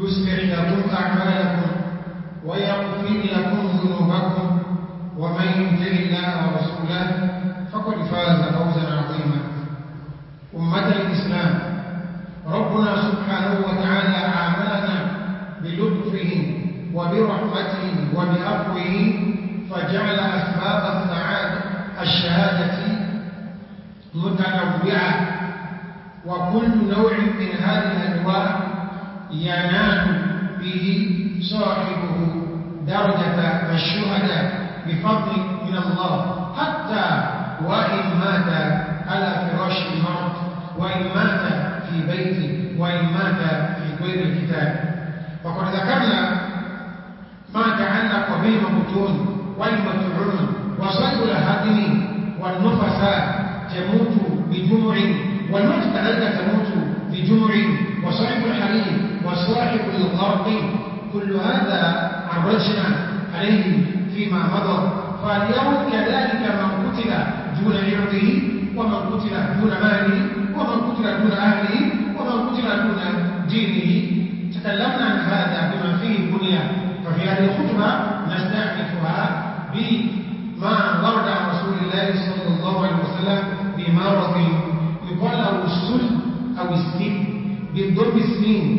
يسمع لكم أعمالكم ويغفر لكم ذنوبكم ومن يطع الله ورسوله فقد فاز فوزا عظيما أمة الإسلام ربنا سبحانه وتعالى عاملنا بلطفه وبرحمته وبأقوه فجعل أسباب السعادة الشهادة متنوعة وكل نوع من هذه الأنواع ينال به صاحبه درجة الشهداء بفضل من الله حتى وإن مات على فراش الموت وإن مات في بيته وإن مات في غير الكتاب وقد ذكرنا ما تعلق به الموتون والمتعون وصيد الهدم والنفساء تموت بجمع والمتلذة تموت بجمع وصعب الحريم وصاحب الغرب كل هذا عرجنا عليه فيما مضى فاليوم كذلك من قتل دون عرضه ومن قتل دون ماله ومن قتل دون أهله ومن قتل دون دينه تكلمنا عن هذا بما فيه بنية ففي هذه الخطبة نستعرفها بما ورد عن رسول الله صلى الله عليه وسلم بمرض يقال له السل أو السن بالضرب السين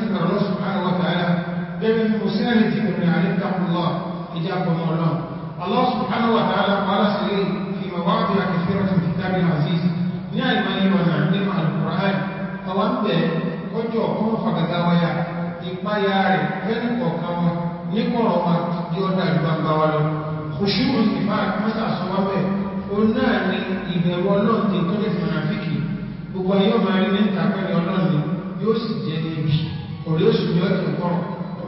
sí ẹni tí mo rìn àríkà púpọ̀ ìjà pọ̀mọ̀ ọlọ́run Allah subhanahu wa ta'ala wàhálà sílé fi mọ̀wá bí a kẹfẹ́rẹ́ ti fi dábì aziz ní àìmọ́ ní wọ̀nà nípa alukùrán àwọn ń bẹ̀ kọjọ ọmọ fàgàdà wáyà ìpáyà rẹ̀ fẹ́ni kọ̀ọ̀kan wọn ní kọ̀rọ̀ wa di ọ̀dà ìgbàgbà wa lọ kòṣùrù ìfà mẹ́ta sọmọ́bẹ̀ ó náà ní ìbẹ̀rù ọlọ́run tó lè fàràfíkì gbogbo ayé ọmọ rí mẹ́ta pẹ́lẹ̀ ọlọ́run yóò sì jẹ́ níbi ọ̀rẹ́ òṣùlẹ̀ ọ̀tẹ̀ kọ̀rọ̀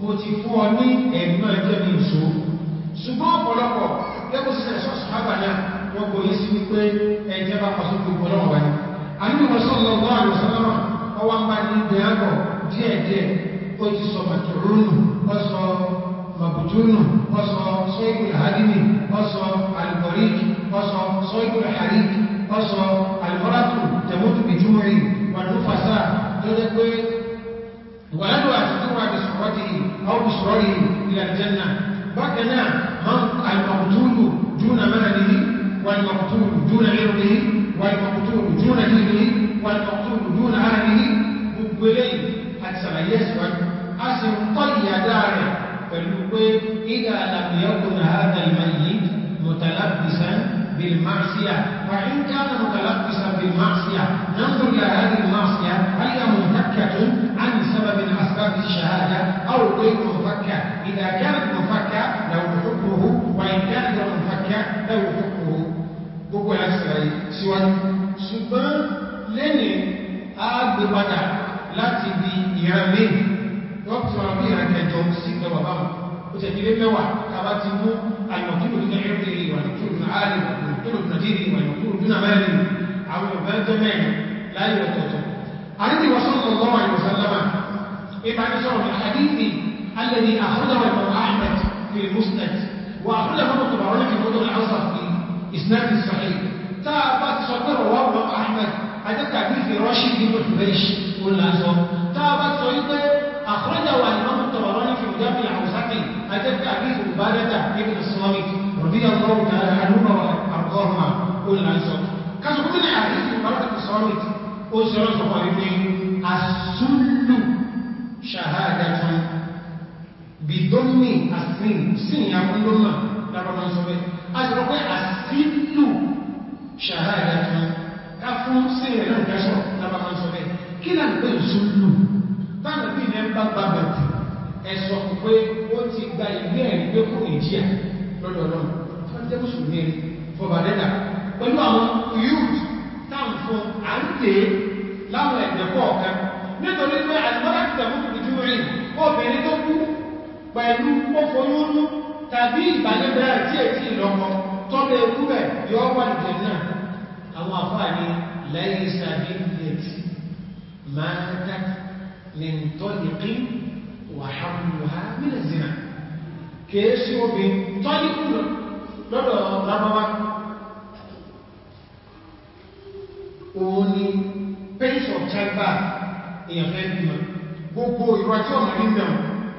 mo ti fún ọ ní ẹ̀gbọ́n ẹjẹ́ mi ìṣó ṣùgbọ́n ọ̀pọ̀lọpọ̀ gẹ́gbọ́ sí ẹ̀ṣọ́ ṣùgbọ́n náà wọ́n kò yí sí wípé ẹjẹ́ bá pàṣẹ gbogbo ọlọ́wọ́ wáyé àníwọ̀n sọ́lọ́ ọgbọ́n àlùsọ́lọ́rọ̀ ọwọ́ ń bá ní أو إلى الجنة بكنا المقتول دون ماله والمقتول دون عرضه والمقتول دون دينه والمقتول دون أهله مقبلين أكثر يسوى طي داره فالمقبل إذا لم يكن هذا الميت متلبسا بالمعصية وإن كان متلبسا بالمعصية ننظر إلى هذه المعصية هل هي منتكة عن سبب أسنطي أسباب الشهادة أو غير منفكة إذا كانت منفكة له حكمه وإن كان غير منفكة له حكمه gbogbo ẹ̀ sẹ̀rẹ̀ síwájú ṣùgbọ́n lẹ́nì àgbèpadà láti di ìran méjì lọ́pùtù àwọn ìran kẹjọ sí ìjọba báwọn ó tẹ̀ nílé mẹ́wàá tàbá ti mú àyọ̀kúrò ní ẹ̀rẹ́ ìwà ìkúrò ní ààrẹ ìwà nàìjíríà ìwà ìkúrò ní àmẹ́rin àwọn ìbẹ́ẹ̀jẹ́ mẹ́rin láyé ọ̀tọ̀ọ̀tọ̀ يبقى أنا الحديث الذي أخرجه الإمام أحمد في المسند وأخرجه ابن الطبراني في كتب العصر في إسناد الصحيح تعبت تصدر رواه أحمد هذا التعبير في راشد بن الحبيش قلنا سوا تعبت صدر أخرجه الإمام الطبراني في مجمع العوزقي هذا التعبير عبادة ابن الصامت رضي الله تعالى عنهما وأرضاهما قلنا سوا كان كل حديث عبادة الصامت أسرة صحابي السلو ṣàhádàtà bìdọ́mì àsìn sí ìyàmúlọ́mà lábàmà sọ́bẹ̀ a ti rọ̀pẹ́ àsìlù ṣàhádàtà ká fún sí ìrìnà ìdáṣọ́ lábàmà sọ́bẹ̀ kí là ń pè ìṣúlù táàbí ní ẹgbà bàbà tí ẹ̀sọ̀ pé ó ti gba ìgbé ẹ̀gbẹ́ fún ìjíà lọ́dọ̀ọ́lọ́ nítorí pé àìmọ́lá ti tẹ̀mú jùrì obìnrin tó kú pẹ̀lú pọ́fọ́lónú tàbí ìbàlẹ́bẹ̀ àti ètí ìlọ́kọ tọ́bẹ̀ ewúrẹ̀ yóò wà nìjẹ̀ náà àwọn àfáàní lẹ́yìn ìsàbí ìrètí máa ń dá ní tọ́lìkí wàhálùwà mílẹ̀ zina kìí sí obìnrin tọ́lìkù òun ni pains of èèyàn fẹ́ bímọ gbogbo ìrọ̀ tí ọmọ rí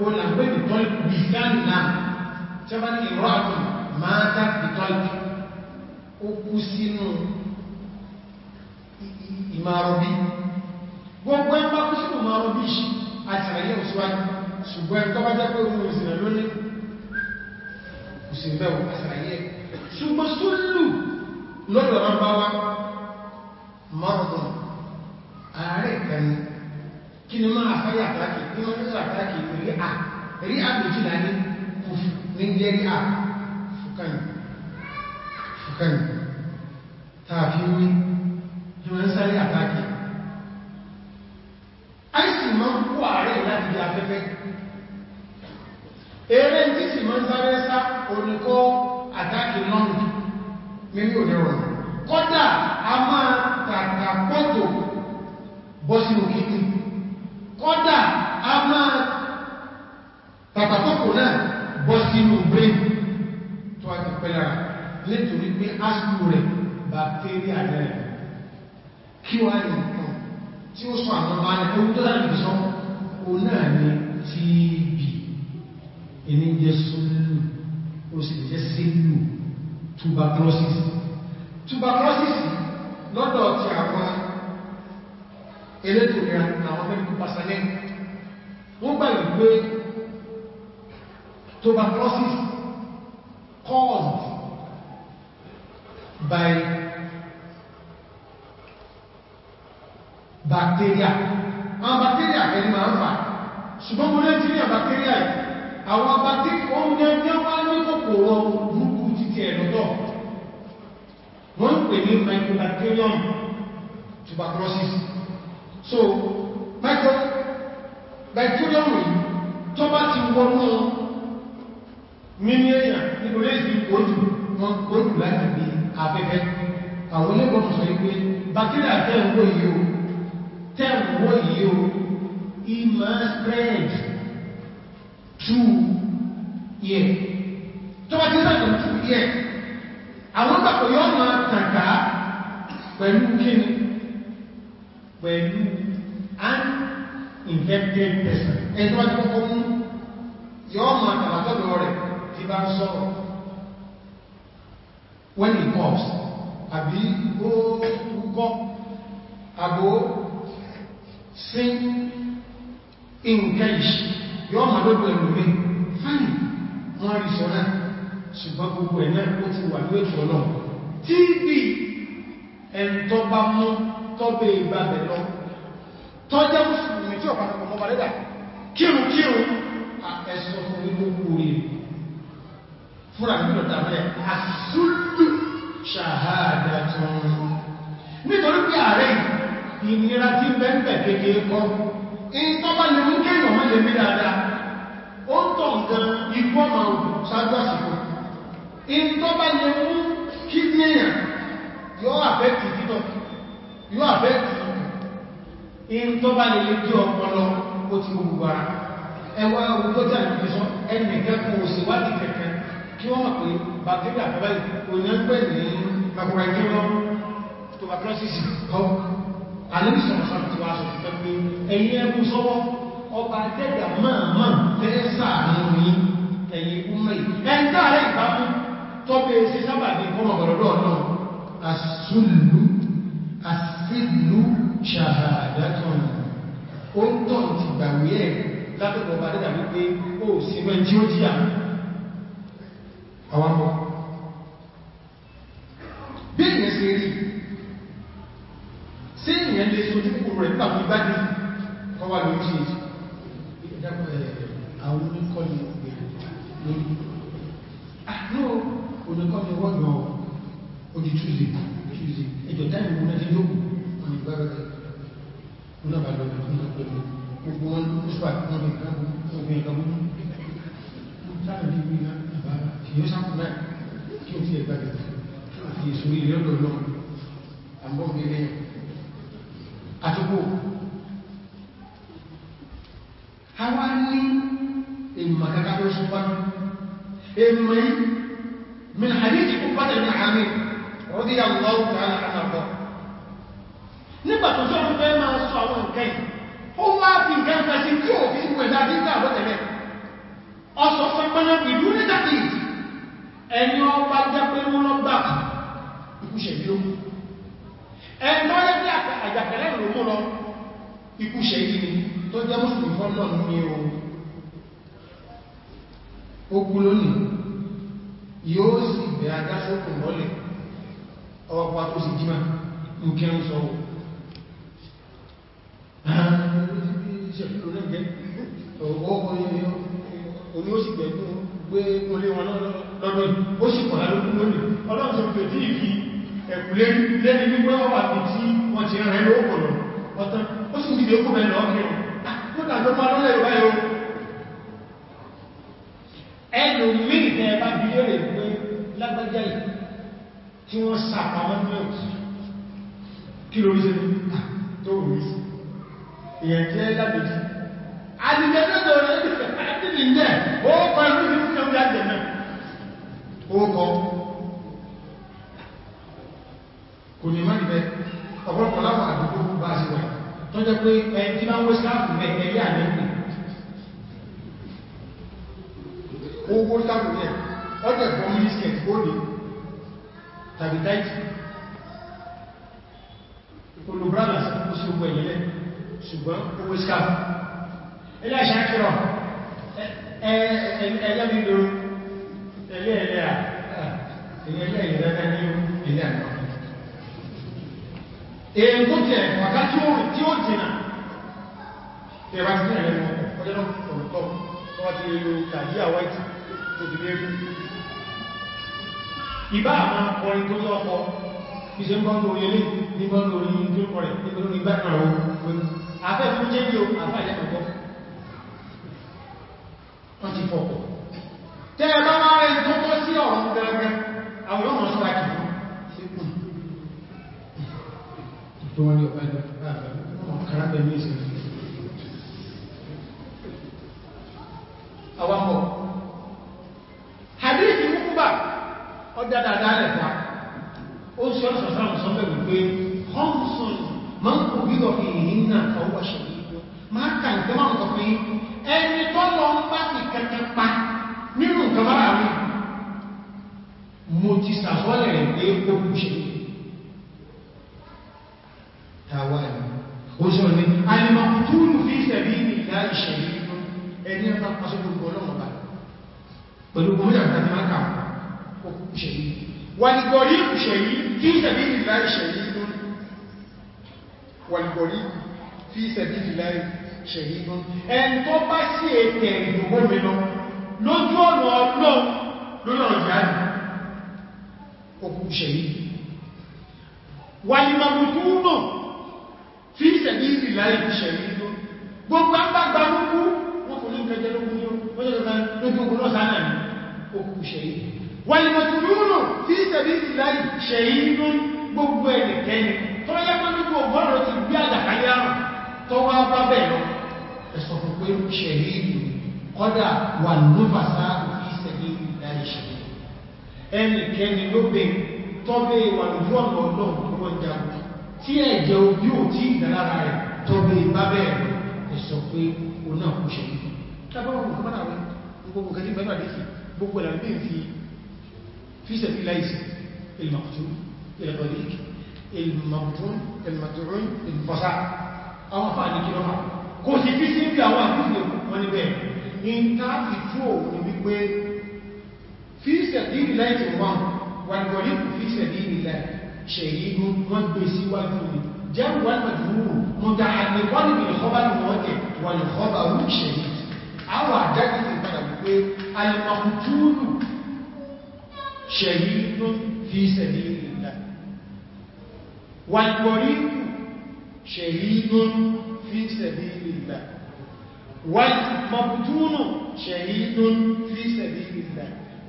o là ń pè ní tọ́lìkì bí ìsáàlì náà tí a bá ní ìrọ̀ àti máa dá bí tọ́lìkì ó kú sínú ìmárọ̀bí gbogbo ẹ bá kú sínú ìmárọ̀bí àti àyẹ̀ òṣùwájú ṣùgbọ́n ẹ̀ tọ́bá jẹ́ pé ohun ìsìnà lónìí kò sí mẹ́wọ̀ àṣàyẹ̀ ṣùgbọ́n sólù lọ́dọ̀ rán bá kí ni máa fẹ́ àtàkì ní wọ́n tẹ́sà àtàkì rí à rí à méjìlá ní fùfù ní jẹ́ rí à fùkàní tààfi wí ní wọ́n sáré àtàkì àìsì máa ń kó ààrẹ láti di afẹ́fẹ́ eré tí sì máa ń sáré sá oníkó àtàkì lọ́nà mímí òdẹ̀rọ̀ kọ́dà a máa náà bọ́ sínú brain tó àti pẹ̀lára nítorí pé áṣìlú rẹ̀ bacteria rẹ̀ kí wá ní nǹkan tí ó sọ àwọn ọmọ alẹ́ ewu tó láti sọ o náà ni TB ẹni jẹ́ sólù ó sì jẹ́ sílù tuberculosis tuberculosis lọ́dọ̀ ti àwọn elétò ìrìn àwọn mẹ́rin kúpasálẹ́ wọ́n gbà wípé tuberculosis caused by bacteria àwọn bacteria kẹni máa ń fà ṣùgbọ́n mo lẹ́tí ní àbacteria yìí àwọn bacteria oúnjẹ ní wá ní kòkòrò burúkú títí ẹ̀lọ́tọ̀ wọ́n ń pè ní mycobacterium tuberculosis so mycobacterium yìí tó bá ti wọnú mímí èèyàn nítorí èsì òjò wọn gbóòrù láti bí afẹ́fẹ́ àwọn olóògbò tó sọ wípé bàtíríà tẹ́ẹ̀wọ́ yíò tẹ́ẹ̀wọ́ yíò ìmọ̀ spread To air tó bá ti sàtọ̀ through air àwọn gbàpọ̀ yọ́ ma tàkà pẹ̀lú kíni pẹ̀lú an infected person ẹ̀tọ́ àti kọ́kọ́ mú yọ́ ma tàbátọ́dọ̀ rẹ̀ tí bá ń sọ̀rọ̀ when he comes àbí ó túkọ́ àbò sí nǹkan ìṣì yọ́ ma lójú ẹlùmí fáyì wọ́n rí sọ náà ṣùgbọ́n gbogbo ẹ̀ náà ó ti wà ní ètò ọlọ́ tí bí ẹ̀ntọ́ bá mú tọ́bẹ̀ ìgbà bẹ̀ lọ tọ́jẹ́ mùsùlùmí tí ọ̀pàá kọmọ balẹ́dà kírùkírù ẹ̀sọ̀ fún ní gbogbo rẹ̀ fúnra nílò tàbí àṣúlù ṣàhádà tún nítorí pé ààrẹ ìnira tí bẹ́ẹ̀bẹ̀ kéèkéé kọ́ in tọ́bá lè mú kéèyàn mọ́ lè mí dáadáa ó ń tọ̀ nǹkan ikú ọmọ ògùn ṣáájú àsìkò in tọ́bá lè mú kí níyàn yóò àfẹ́kì títọ̀ yóò àfẹ́kì in tọ́bá lè lè jẹ́ ọpọlọ ó ti gbogbo ara ẹwà ọgbọ́jà ìgbésọ́ ẹnìkẹ́kọ̀ọ́ kí wọ́n mọ̀ pé bacteria àkọ́bá onígbẹ̀ ní microbial tuberculosis kọ́ alẹ́bìsọ̀rọ̀sọ̀rọ̀ ti wá sọ fẹ́ pé ẹ̀yìn ẹkùn sọ́wọ́ ọba dẹ́gbà mọ́ọ̀mọ́ fẹ́ sàárín ní ẹ̀yìn ọmọ ẹ̀ntà rẹ̀ ìbámú tọ́bẹ̀ sí sábà ní ọmọ ọ̀rọ̀dọ̀ náà asúlù asílù ṣàhàdátọ̀nù ó ń tọ́ ti gbàwé ẹ̀ látọ̀kọ̀ ọba dẹ́gbà wípé ó sì mẹ́ àwọn ọmọ bí èyàn ṣe rí sí èyàn lè sojú kúrò rẹ̀ pàtàkì bá ní kọwà lójí àwọn oníkọ́ni lórí àánú oníkọ́ni wọ́n náà odi tuesday tuesday ẹjọ́ táìmù wọn ti ló wọn ni gbára rẹ̀ wọn náà bá lọ rẹ̀ fún ọgbẹ̀rẹ̀ gbogbo wọn ló sọ àti wọn ní ìgbàgbọ́ èyí sáàkù náà kí o tí ẹgbà gẹ̀ẹ́ àti ìṣòrí ilé ọ̀dọ̀ náà àgbọ́gbẹ̀rẹ̀ àtúgbò a wá ní èmà kàkà tó ṣùgbọ́n èmà yìí min hadith Uqbah ibn Amir radiyallahu ta'ala anhu nígbà tó sọ́rọ̀ fẹ́ máa sọ àwọn nǹkan yìí ó wá fi nǹkan kan sí tí òfin ìwẹ̀dá nígbà àbọ̀tẹ̀lẹ̀ ọ̀sọ̀sọ̀ pẹ̀lú ìdúrídàtì ẹni ọba jẹ́ pé wọ́n lọ gbà ikúṣẹ̀ bí ó ẹni ọjọ́ pé àjàkẹ́lẹ̀ ìlú mú lọ ikúṣẹ̀ yìí ni tó jẹ́ mùsùlùmí fọ́nà ní ohun ogun lónìí yóò sì bẹ̀ agásókùn lọ́lẹ̀ ọwọ́pá tó sì jímá nìkẹrún sọ ọ̀rọ̀ ọgbọ̀n ni ó sì gbẹ̀gbọ́n gbé olé wọn lọ́dún ó sì kọ̀lá lókún lónìí ọlọ́run ti pè tí ìfi ẹ̀kùnlé lẹ́ni wípé wọ́n wà ní tí wọ́n ti rẹ̀ lóòkòlò ọ̀tán ó sì ìdí okùn mẹ́lọ ọkẹ̀rẹ̀ ó dàjọ́ máa lọ́lẹ̀ ìwá ẹ̀rọ ẹnu mìí tẹ́ bá bí lórí pé lágbájá yìí tí wọ́n sàpá wọn ní ọ̀tí kí lórí sẹ́ni tó wù mí ìyẹn jẹ́ lábẹ́jì àdìjẹ́jẹ́ tó rẹ̀ ẹ̀dì ìjẹ́ ó kọ́ ẹ̀rù ní fún ẹ̀rù jáde náà ó kọ́ kò ní máa níbẹ̀ ọ̀pọ̀lọpọ̀ láwọn àdúgbò bá sí wà tó jẹ́ pé ẹni tí máa ń wé sáàpù mẹ́ ẹ̀yà nínú owó sáàpù yẹn ọjọ́ ìfọ́n mínísẹ̀ ó ní tàbí táìtì olùbráàlà sí ṣùgbọ́n owó sáàpù ilẹ̀ ṣàkírọ̀ ẹgbẹ́ bí lórí ẹgbẹ́ ẹgbẹ́ à ẹgbẹ́ ìrẹ́gbẹ́ ní ilẹ̀ àkọ́ èyí tó jẹ́ ọ̀ká tí ó jìnà ẹ̀rọ ti rẹ̀ lẹ́nu ọjọ́ olùkọ́ tó wá ti lo kàjíà wáìtì tó ti lé rí ìbá àwọn ọkọrin tó yọ ọkọ ìṣẹ́ ń bọ́n lórí ilé ní bọ́n lórí ní tó kọrẹ̀ nígbẹ̀rún ìgbẹ̀rún àwọn afẹ́ fún jẹ́ ní o àfáà ìyẹ́ fọ́ tẹ́ ẹ bá máa rẹ̀ tó tọ́ sí ọ̀rọ̀ gẹ́gẹ́ àwọn ọmọ sáàkì tó wọ́n ní ọ̀pẹ́ sàfọ́lẹ̀ rẹ̀ pé ó kú ṣe tàwà ní oṣù ní alìmọ̀kútúrù fi sẹ̀bí ní ìlà ìṣẹ̀lẹ̀ ẹni ẹ̀fà pàṣẹ́lú ọlọ́mọba pẹ̀lú gbọ́dọ̀ àti máka ó kú ṣe wàlìgọ̀rí ìṣẹ̀lẹ̀ fi sẹ̀bí ní ìlà ìṣẹ̀lẹ̀ wàlìgọ̀rí fi sẹ̀bí ní ìlà ìṣẹ̀lẹ̀ ẹni tó bá òkú ṣèyí wàlìmọ̀lùtúnmọ̀ fi ìṣẹ̀bí ìrìnlá ìlú ṣèyí ló gbogbo àgbàgbà lókú wọ́n kò ní kẹjẹ lókún yóò wọ́n jẹ́ lọ́nà lókún ogun náà sáà ní òkú ṣèyí wàlìmọ̀lùtúnmọ̀ fi ìṣẹ̀bí ìrìnlá ìlú ṣèyí ló gbogbo ẹnikẹ́ni tó yẹ pé nípa ọgọ́rọ̀ ti gbé àjàkáyà tó wá bá bẹ̀ lọ ẹ̀sọ̀ pé ṣèyí kọ́dà wà lófàsáà ẹnìkẹni ló bẹ tọ́bẹ̀ ìwà lójú ọ̀nà ọlọ́run tó wọ́n já tí ẹ̀jẹ̀ ojú ò tí ìdálára rẹ̀ tọ́bẹ̀ ìbá bẹ́ẹ̀ ẹ̀sọ̀ pé o náà kò ṣe gbogbo ẹ̀lá ní fi fíṣẹ̀ fi láìsí ilmọ̀tún ilmọ̀tún ilmọ̀tún ilmọ̀tún ilmọ̀sá àwọn fà ní kílọ́mà kò sí fíṣẹ̀ bí àwọn àfíṣẹ̀ wọn ni bẹ́ẹ̀ fi sẹ̀bílì láì tó wọ́n wàlùwọ̀lì kò fi sẹ̀bílì láì ṣẹ̀yìnú wọ́n gbé síwájú ni jẹ́ wọ́n mẹ́júrù mọ́ta àmì wọ́n ni ìlọ́bàrù wọ́n tẹ̀ wọ́n ni ọbàrù ṣẹ̀yìn àwọn àjájú ti padà wípé alìmọ̀kútúrù ṣẹ̀yìnú fi sẹ̀bílì láì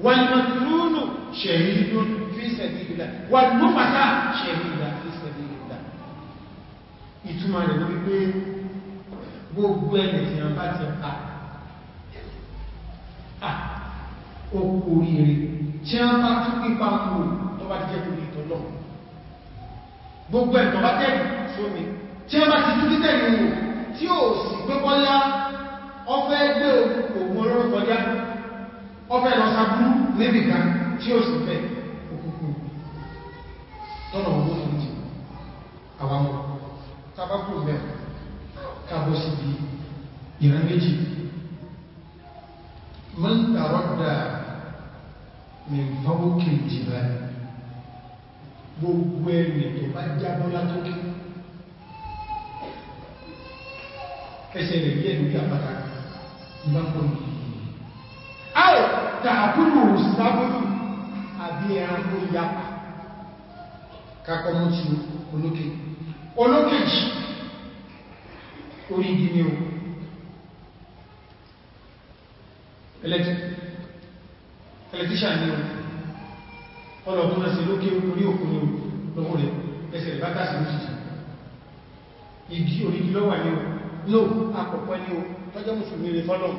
والمكنون شهيد في سبيل الله والمفتى شهيد في سبيل الله ìtumọ̀ rẹ̀ wípé gbogbo ẹni tí wọ́n bá ti pa òkú oríire tí wọ́n bá tún pípa kúrò tó bá jẹ́ orí ìtọ́lọ̀ gbogbo ẹ̀ tó bá tẹ́rì sómi tí wọ́n bá ti tún títẹ̀rì ohun tí ó sì pẹ́kọ́lá ọfẹ́ ẹgbẹ́ òkú òun ọlọ́rọ̀ kọjá ọfẹ́ lọ sàbúrú níbi kan tí ó sì fẹ́ òkùnkù tọ́nà owó fún ti àwọn tàbákù mẹ́ kàbọ̀ sí bí ìran méjì mọ́n tàrọ́dà mi fọ́wókè jìbá gbogbo ẹni tó bá jábọ́ látókè ẹsẹ̀ rẹ̀ yẹ́ ìlú àpáta ìbá fọ́nà áò tààkùnù sábúrú àbí ẹranko yapa kakọ mú ti olókè olókèjì orí gini o ẹlẹ́tíṣà ní o ọlọ́tún náà sí lókè orí òkun ní o lọ́wọ́ rẹ̀ ẹsẹ̀ bátà sí lóṣìṣì ìdí orí gílọ́wà ní o lóò àpọ̀pọ̀ ní o tọ́jọ́ mùsùlùmí rẹ̀ fọ́lọ́mù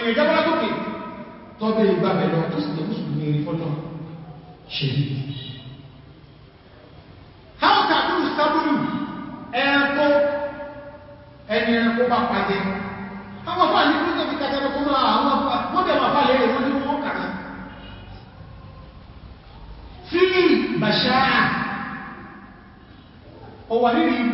èèyàn jábọ́lá tókè tọ́bẹ̀ ìgbàbẹ̀ lọ tó sì tẹ́kùsù ní eré fọ́nà ṣèlú hauka tó sì tábùlù ẹranko ẹni ẹranko bá pàjẹ àwọn afá ní kúrò tẹ́bí kàtàkì kó bàṣáà ọwà nínú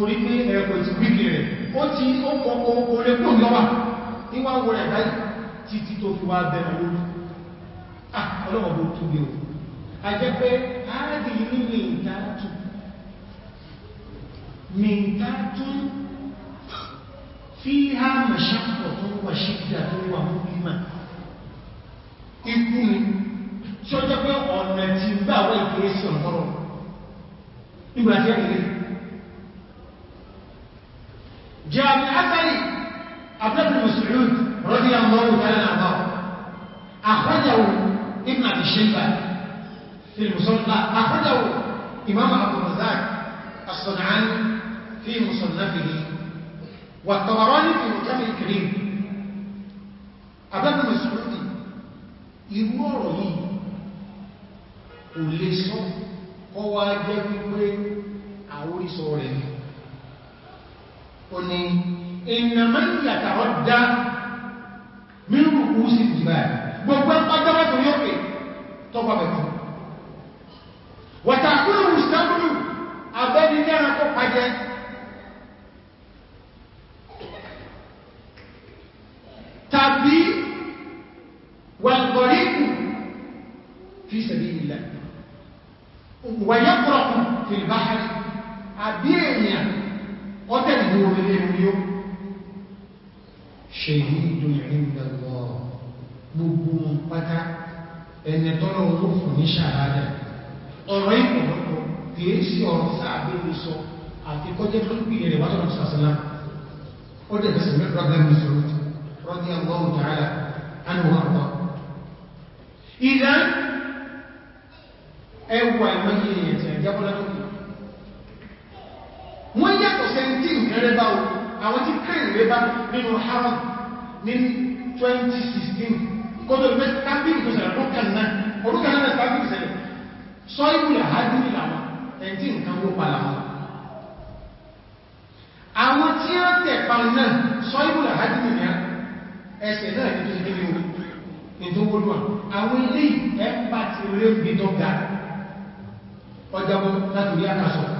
torí pé ẹ̀kọ̀ ti wíkì rẹ̀ ó ti ó kọ̀ọ̀kọ̀ orí pọ̀ lọ́wà níwá wọ rẹ̀ báyìí títí tó fi wá bẹ̀rẹ̀ lórí ah, ọlọ́wọ̀bọ̀ tó gbé o a jẹ́ pé áàdì ní mìntàtù mìntàtù fi ha mẹ́ṣàpọ̀ tó wà ṣíkìdà tó wà mú bímà ikú ni tí ó jẹ́ pé ọ̀nà ti gbà wọ́ ìkérésì ọ̀tọ́rọ̀ nígbàtí ẹ̀rẹ́ من أثر عبد بن مسعود رضي الله تعالى عنه أخرجه ابن أبي شيبة في المصنف أخرجه إمام عبد الرزاق الصنعاني في مصنفه والطبراني في مكتب الكريم عبد بن مسعود irú ọ̀rọ̀ هو kò lè sọ صوري òní ìnàmọ́ ìyàtàrọ̀ dá mínú kú sí ìjìbá gbogbo pàtàkì tó yóò pè tọ́gbà bẹ̀kọ́ wàtàkùnrin mùsùlùmí abẹ́ni ní ẹranko pàjẹ́ tàbí wàlgọ̀ríkù fi sabilillah wàyẹ́kọ̀ọ̀kù fil bahri àbí يقول إليهم اليوم شهيد عند الله gbogbo wọn pátá ẹni tọ́lọ owó fún ní ṣàrádà ọ̀rọ̀ ìpọ̀lọpọ̀ kìí sí ọ̀rọ̀ sáàbẹ̀rẹ̀ sọ àti kọjẹ́ tó ń gbìyànjú wájú sàṣẹ́lá ó dẹ̀ bẹ̀sẹ̀ mẹ́rin wọ́n yàtọ̀ sẹ́ntí ìrẹ́rẹ́ bá ohun àwọn tí kẹ́ ìrẹ́ bá nínú haram ní 2016 kọ́tọ̀ ìgbẹ́ tábí ìgbẹ́sẹ̀rẹ̀ ọdúnkà náà ọdúnkà náà tábí ìgbẹ́sẹ̀rẹ̀ sọ ìwúlẹ̀ àádúrí làwọn ẹ̀ntí nǹkan wó pa làwọn àwọn tí ó tẹ̀ pa náà sọ ìwúlẹ̀ àádúrí ní ẹsẹ̀ náà ní tó ti kéde orí ìdówólúwà àwọn ilé ẹ̀pà ti rẹ́ gbídọ́gbà ọjọ́ láti rí àkàsọ̀rọ̀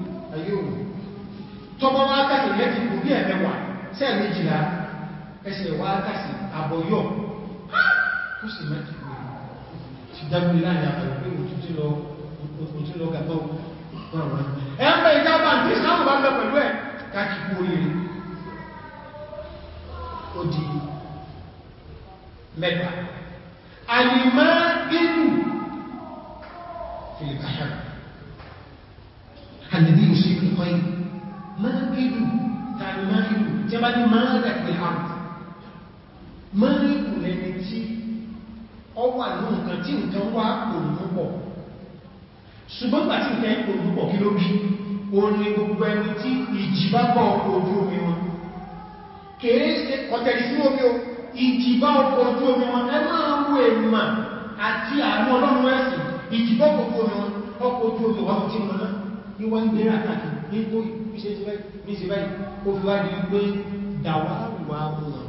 ayé òun tọ́bọ́ wá kàtì méjì kò bí ẹ̀mẹ́wàá sẹ́ẹ̀ méjìlá ẹsẹ̀ wá kàtì àbọ̀yọ̀ kó sì mẹ́jì ti dágbé láàrin àpàlẹ̀ pé òtútí lọ gàtọ́ ẹ̀mẹ́ ìjábà tí ìsáàmù bá bẹ́ pẹ̀lú ẹ̀ káàkiri oríire ó di النبي يشرك القيد ماكد يعني ماكد جبل مالك بالعرض مالك لن تي ọwà ní nǹkan tí nǹkan wá òmúpọ̀ ṣùgbọ́n gbà tí nǹkan òmúpọ̀ kí ló bí orin gbogbo ẹni tí ìjìbábọ̀ ojú omi wọn kèé ṣe kọtẹ̀lì sí omi o ìjìbá ọkọ̀ ojú omi wọn ẹ máa ń wo èmà àti àwọn ọlọ́run ẹ̀sìn ìjìbá ọkọ̀ ojú omi wọn ọkọ̀ ojú omi wọn ti mọ́ náà ní wọ́n gbé àkàkì ní tó ìpíṣẹ́ ti báyìí ní sí báyìí ó fi wá ní pé dàwárùwà ọ̀rọ̀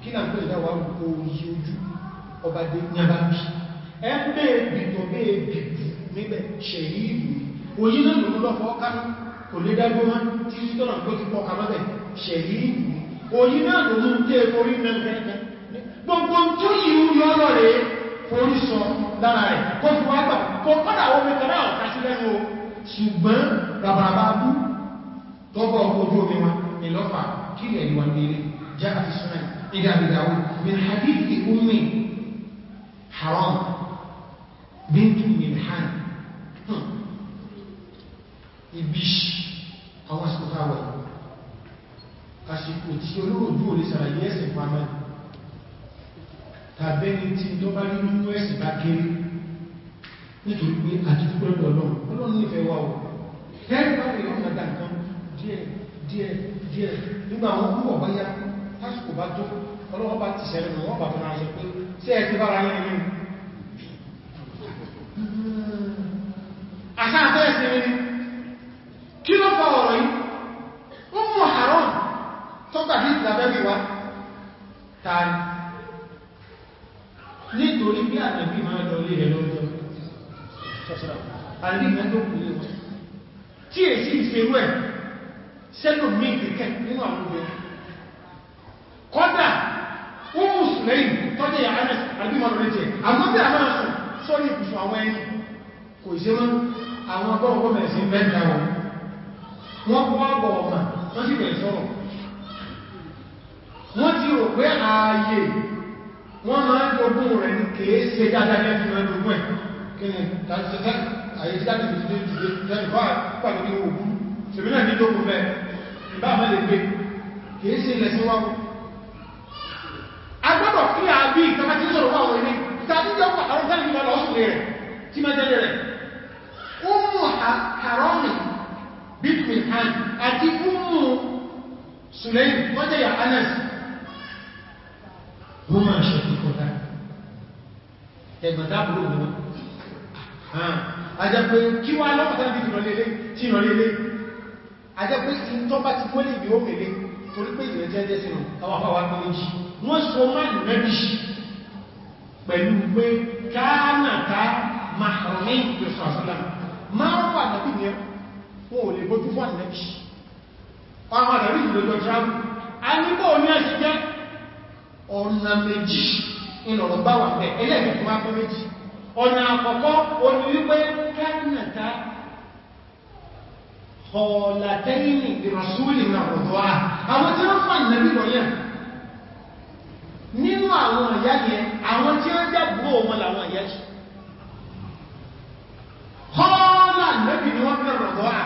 kí là ń pè dàwárù oòyí ojú ọba dé nyàbá bí ẹ ń bẹ́ ìbìtọ̀ bẹ́ ìbìtù níbẹ̀ ṣẹ̀yí ìlú oyi náà lòun lọ́pọ̀ kánú kò lè dágbó wọn tí títọ́nà tó ti pọ̀ka mọ́bẹ̀ ṣẹ̀yí ìlú oyi náà lòun tẹ́ orí mẹ́rin gbogbo tó yìí ń yọ́ lọ́rẹ̀ẹ́ forí sọ lára rẹ̀ kó ṣùgbọ́n bàbàbà bú tọ́bọ̀ ọkọ̀ ojú omi wọn ìlọ́fà kílẹ̀ ìwọ̀n nílé já àti súnmọ̀ ìdá àbìdáwó min hadithi ummi haram bintu milhan hmm. ibi àwọn asìkòtàwà àsìkò tí olóòjú olè sàràyẹ́ ẹ̀sìn pàmẹ́ tàbẹ́ni tí tó bá nínú ẹ̀sìn bá kéré nítorí pé àjíjúgbọ́ lọ́dọ̀ ọlọ́run ọlọ́run nífẹ̀ẹ́ wà ó ẹgbàrí ọmọ ẹ̀dà nǹkan díẹ̀ díẹ̀ díẹ̀ nígbà àwọn púpọ̀ bá yá lásìkò bá tó ọlọ́wọ́ bá ti sẹ́rẹ̀ wọ́n bá fún aṣọ pé sí ẹ̀kí bára yẹn nínú àṣà àtẹ́ẹ̀sì rí kí ló fa ọ̀rọ̀ yìí ó mú àárọ̀ tọ́gbàdí ìlàbẹ́bì wa tààrí nítorí bí àtẹ̀bí máa lọ lé ẹ̀ àrí ìgbẹ́ndò kúrò wọn tí è sí ìṣerú ẹ̀ sẹ́lò mí kìkẹ́ nínú àwọn obìnrin kọ́dà umus lẹ́yìn tọ́jẹ́ ya anas albimọ̀lù rẹ̀ jẹ́ àgbọ́bẹ̀ aláàsùn sọ́rí ìpùsùn àwọn ẹni kò ṣe mọ́ àwọn ọgọ́rùn-ún mẹ́sìn mẹ́ta wọn wọ́n kọ́ ọgbọ̀ ọmọ wọ́n sì bẹ̀rẹ̀ sọ́rọ̀ wọ́n ti rò pé ààyè wọ́n máa ń jogún rẹ̀ ní kèé ṣe dáadáa kíni tàbí àyè tí láti ìdílé ìdílé tẹ́lùfà pàdé ní ogun ṣèbí náà ní lókun mẹ́ ìbá àmọ́ lè gbé kìí sí ilẹ̀ síwáwó agbọ́dọ̀ kí a bí ìtàmátí sọ̀rọ̀ wà wọ́n ní tàbí jọ pàtàkì tàbí lọ lọ́sùn rẹ̀ tí má jẹ́ rẹ̀ ó mú àkàrọ́mì bíbí hàn àti fúnmù sùlẹ́yìn ẹgbẹ̀ta búrò wọn ajẹ́ pé kí wá lọ́pàá bí ìrọ̀lẹ́lẹ́ tí ìrọ̀lẹ́lẹ́ ajẹ́ pé tí tọ́ bá ti wọ́lẹ̀ ìbí òmìnlẹ̀ torí pé ìrẹ̀jẹ́jẹ́ sínú tàwàfàwà méjì wọ́n so máa nẹ́bíṣì pẹ̀lú pé káánàká mahramin ìgbẹ̀sọ̀sọ́lá máa wà nàbí ní wọn ò lè bójú fún ànẹ́bíṣì ọmọ nàbí ìlòjọ travel a nígbò ní ẹ̀ṣẹ́ ọ̀nà méjì ìlọ̀rọ̀ bá wà pẹ̀ ẹlẹ́gbẹ̀ẹ́ ọ̀nà àkọ́kọ́ oní wípé kánàtà ọ̀làtẹ́yìnì ìrọ̀súlì náà rọ̀dọ̀ à àwọn tí wọ́n fà nàbí lọ́yẹ̀ nínú àwọn àyá yẹn àwọn tí wọ́n jẹ́gbó wọn làwọn àyá yìí kọ́ọ̀lá nàbí ni wọ́n fẹ́ rọ̀dọ̀ à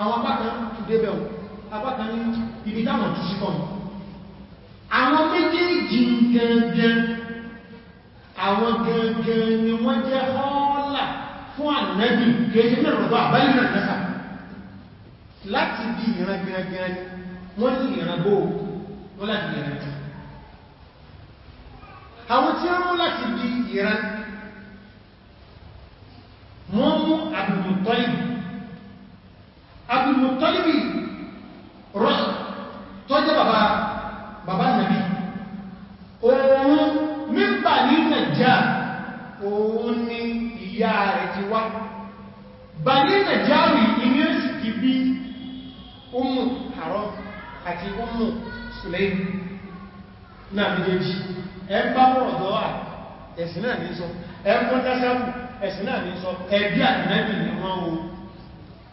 àwọn apákan tó débẹ̀ wọn apákan ibi táwọn tó síkọ̀ àwọn méjèèjì gẹ́gẹ́ àwọn gẹ́gẹ́ ni wọ́n jẹ́ ọ́ọ́lá fún ànẹ́bì kéèké mẹ́rọ̀gbọ́ àbálì náà nẹ́sà láti bí ìran gẹ́gẹ́ wọ́n ní ìran bó wọ́n láti ìran jù àwọn tí wọ́n láti bí ìran wọ́n mú àbùmùtọ́lìbì banye na inú èsì ti bi ụmụ àrọ àti ụmụ sùlẹ́yìn na méjèèjì ẹgbà pọ̀rọ̀dọ́wà ẹ̀sìn náà ní sọ ẹgbọ́n dásáàbù ẹ̀sìn náà ní sọ ẹbí àtìlẹ́bì ni wọ́n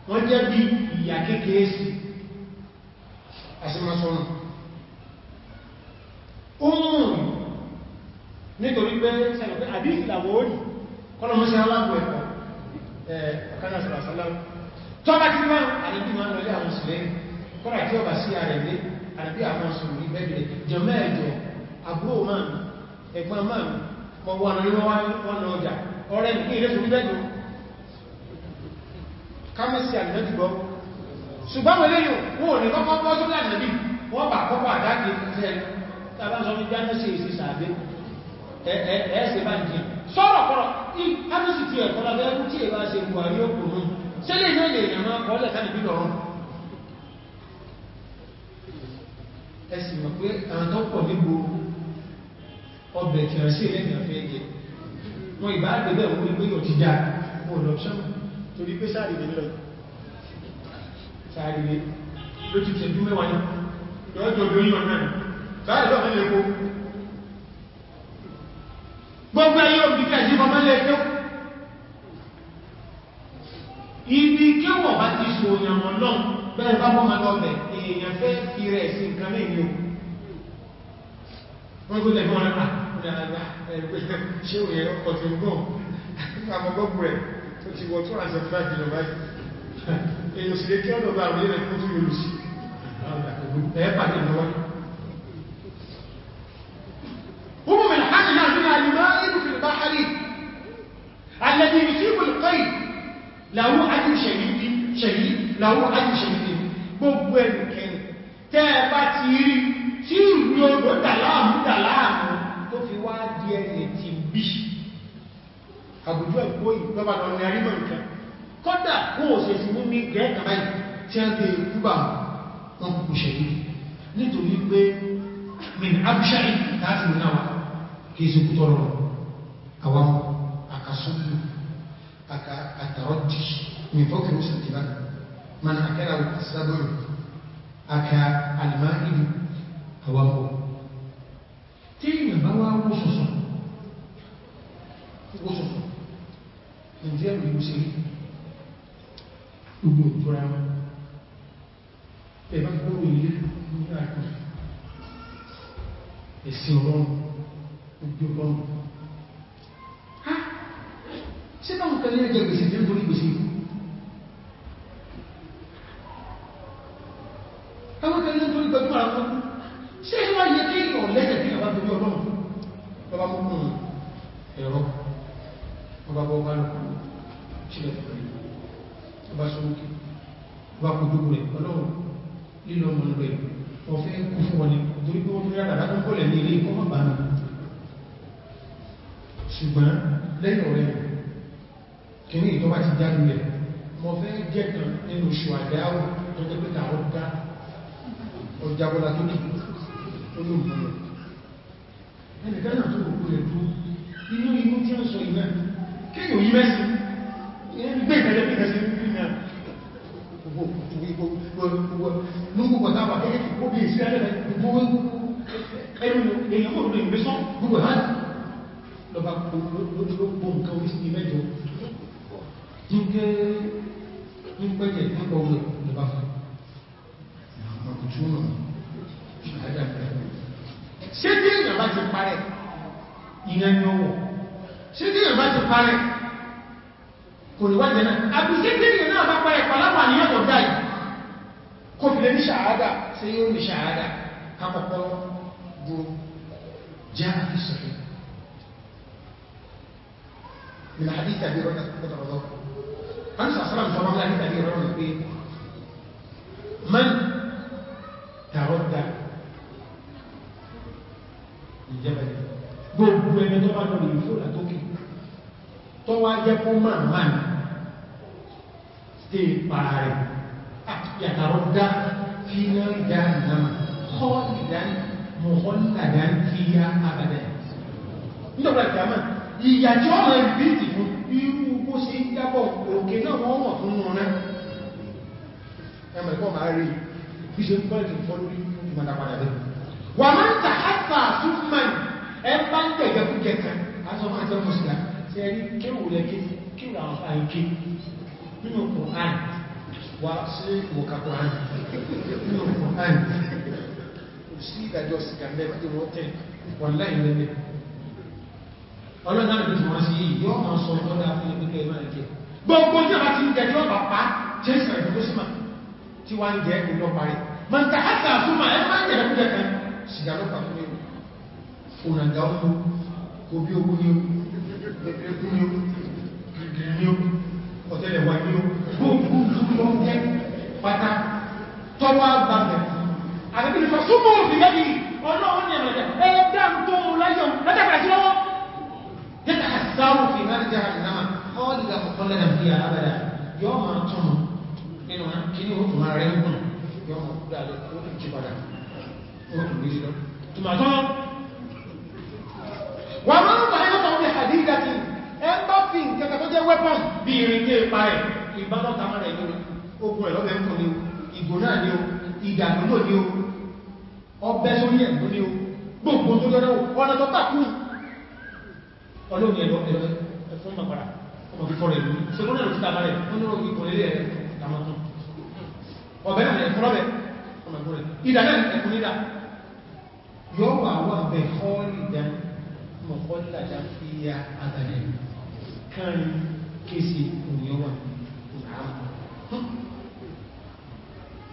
wọ́n jẹ́ bí ìyà kékeré sí àṣímọ́sọ́nà ọmọ nítorí pé sẹ́lọ̀pẹ́ àdíkìlàwó orí kọ́lọ̀mọ́sẹ́ ọ̀kánà sọ̀rọ̀sọ́lọ́wọ́ tó bá ti máa àdìbí máa lọ lé àwọn sùlẹ́yìn kọ́rà tí ó bá sí ààrẹ ilé àdìbí àwọn sùlù ní bẹ́bẹ̀rẹ̀ jẹ mẹ́ẹ̀jọ àbúrò máa ẹ̀gbọ́n máa mọ̀ wà ní wọ́n na ọjà ọ̀rẹ́ ní ilé tó bẹ́ẹ̀jọ kámẹ́sì àdìbẹ́jùgbọ́ ṣùgbọ́n wọlé yóò wọ́n ní kọ́kọ́ bọ́ tó lánàbí wọ́n bà kọ́kọ́ àdáàkì ìfẹ́ tàbá sọ ní jáde sí ìsìsàbí ẹ̀ẹ́sì bá ń jẹ sọ́rọ̀ kọ́rọ̀ kábíyèsí ti ẹ̀kọ́ lábẹ́ fún tí èbá ṣe buhari ó kò rún ṣẹlẹ̀ iná ilẹ̀ ìrìnà máa kọ́lẹ̀ káàdì bí lọ́rùn ẹ̀sìn mọ̀ pé àwọn tó pọ̀ níbo ọbẹ̀ tí wọ́n sí ilẹ̀ ìrìnà fẹ́ jẹ wọn ìbá àgbẹ̀bẹ̀ òun pé yóò ti já wọn lọ sọ́n torí pé sáàrìdé lọ sáàrìdé ló ti tẹ̀dú mẹ́wàá ní lọ́jọ́ bí ó yọ̀ náà sáàrìdé ọ̀fẹ́ gbogbo ẹyọ ẹ̀jí bọ́mọ́ lè kí ibi kí wọ́n bá ti so ìyàmọ̀ lọ́n bẹ́ẹ̀ bá bọ́mọ́ lọ́bẹ̀ èèyàn fẹ́ fi rẹ̀ sí nǹkan mẹ́rin o wọ́n gbọ́dẹ̀ fún ọ̀rẹ́ ṣe òye ọkọ̀ tí ó gùn àmọ́gbọ́gbù rẹ̀ tó ti wọ 275 km èèyàn sì lè kí ọ̀dọ̀ bá àwọn ilẹ̀ fún tó yóò lù sí ẹ̀ẹ́pàdé lọ́wọ́ láwọ́ ayé ṣẹ̀yìdì ṣẹ̀yìdì láwọ́ ayé ṣẹ̀yìdì gbogbo ẹnìkẹrì tẹ́ ẹ bá ti rí tí ìlú ọgbọ̀ dàláàmù dàláàmù tó fi wá di ẹni ti bí àgbùjọ ẹ̀kọ́ ìgbọ́bà lọ́nà àrímọ̀ nìkan kọ́dà kó ò ṣe sí mú ní gẹ́ẹ̀kà báyìí tí a gbé kúbà àwọn àkàsùnkú الترجي من فوق رؤوس الجبال من أكله السبع أكا المائل هواه تين بوا وصص وصص من زير المسيح gbogbo ìtura wọn ẹ̀bá kúrò ilé ní àkùnrin ẹ̀sìn ọlọ́run gbogbo ọlọ́run ṣé báwọn kan lè jẹ gbèsè tí ó torí gbèsè àwọn kan lè torí gbẹ̀gbẹ̀ àwọn kan ṣé ìwà yẹ kí ọ̀lẹ́jẹ̀ bí ọba torí ọlọ́run bàbá mú kún ẹ̀rọ ọba bọ́ bá lọ́kùn sílẹ̀ ọba sọ́wọ́kì ọba kò dúkù rẹ̀ ọlọ́run lílọ mọ̀ rẹ̀ ọ̀fẹ́ kú fún wọn ni torí pé wọ́n rí àdàdà tó kọ́lẹ̀ ní ilé ìkọ́mọ̀ bá mi ṣùgbọ́n lẹ́yìn ọ̀rẹ́ rẹ̀ kìrí ìtọ́bá ti já lulẹ̀ mọ́ fẹ́ jẹ́ kan nínú ṣùwàdáwò tó jẹ́ pẹ́ta ọ̀dá ọjàbọ́lá tó kì olóògbòrò ẹni gánà tó gbogbo rẹ̀ tó inú inú tí ó sọ iná kéyò yí mẹ́sí gbé ìtẹ́lẹ̀ pẹ̀lẹ̀ sí nínú ìgbògbò gbogbo gbogbo jíńgé jíńgbẹ́jẹ̀ nípa owó nípa fún ọkùnjúmọ̀ ṣe tí èyàn bá ti parẹ́ ìyẹn ni ọwọ́ ṣe tí èyàn bá ti parẹ́ kò ní wájẹ̀ náà àbí ṣe tí èyàn náà bá parẹ́ pàlápà ní ọ̀tọ̀ dáì kò fi lè ní ṣàádà sí yóò ní ṣàádà kápọ̀pọ̀ من حديث أبي رضي الله Àníṣà sọ́rọ̀ sọ wọ́n láti tàbí ìrọ̀rùn pé mẹ́rin tàrọ́dà ìjẹ́bẹ̀ gbogbo ẹni tó bá lọ́rọ̀ ìlú fòlà tókè tó wá jẹ́ fún máa máa ṣe pàà rẹ̀ yàtàrọ́dà fi náà dá ìnáma kọ́ọ̀lìdán mọ̀họ́lìdán fi yá abẹ́dẹ̀ bó ṣe ń jábọ̀ òkè náà wọ́n mọ̀ fún un rán ẹmọ̀ ẹ̀kọ́ máa rí bí ṣe ń pọ́lẹ̀ tí fọ́n lórí ìmọ̀tàpadà dẹ̀ wà máa ń tà hátà súnmọ̀n ẹ bá ń tẹ̀jẹ́ fún kẹta aṣọ máa jẹ́ mọ̀sílá tí ẹ rí kéwù lẹ́kí kéwù àwọn àìké nínú kùnán wá sí ìwòkà kùnán nínú kùnán kò sí ìdájọ́ sìgá mẹ́rin tí wọ́n tẹ̀ wọ́n láì lẹ́mẹ́rin ọlọ́dá lè fi wọ́n sí yóò máa sọ ìtọ́dá fún ìpínlẹ̀ ìmọ̀ ìkẹ́ gbogbo tí a ti ń jẹjọ́ pàpá jésù ẹ̀dùgbósímà tí wá ń jẹ ìlọ parí ma ń tàhátà súnmà ẹ máa ń jẹ ẹ̀kújẹ kan sìgá ló pàtó ní òrànga ọmọ obi ogun ni ẹgbẹ̀rẹ̀kún ni gírígírí ni ọ̀tẹ́lẹ̀ wà ní gbogbo lọ jẹ pátá tọ́wọ́ àgbàgbẹ̀ àgbẹ̀bìnrin fà súnmọ̀ òfin mẹ́bí ọlọ́run ni ẹ̀rẹ̀ ẹ̀ẹ́dá tó láyọ̀ látàkàtí lọ́wọ́ dáhùn fi náà jẹ́ àìnáà ọ́lìdà mọ̀kànlẹ̀ náà fi àbẹ̀dà yóò máa tún nínú kí ní òkú máa rẹ̀ gùn yóò máa kúrò àlẹ́ ó ní jí padà ó ní rí lọ tùmọ̀tọ́ wà máa ń bàyá tó ní àdídà tí ẹ bá fi nǹkan tó jẹ́ wẹ́pọ̀n bí irin ní ipa rẹ̀ ìbátọ́ta máa rẹ̀ lórí ogun ẹ̀ lọ́bẹ̀ ń kò ní ìgò náà ní o ìdàgbò ní o ọbẹ̀ sórí ẹ̀ lórí o gbogbo tó jọ́dọ̀ wọ́n tó tàkùn ọlọ́run ẹ̀rọ ẹ̀fún mọ̀pàá ọmọ fífọ́ rẹ̀ lórí ṣe múnà òkúta rẹ̀ wọ́n ní òkú ìkọlẹ̀ rẹ̀ tàmọ́tún ọ̀bẹ̀ rẹ̀ fọ́rọ̀bẹ̀ ìdàlẹ̀ ẹ̀kùn nídà yọ́ wà wà bẹ̀ họ́ọ̀lìdà mọ̀kọ́lìdà fi ya àtàlẹ̀ kan kéèsì òyìnwà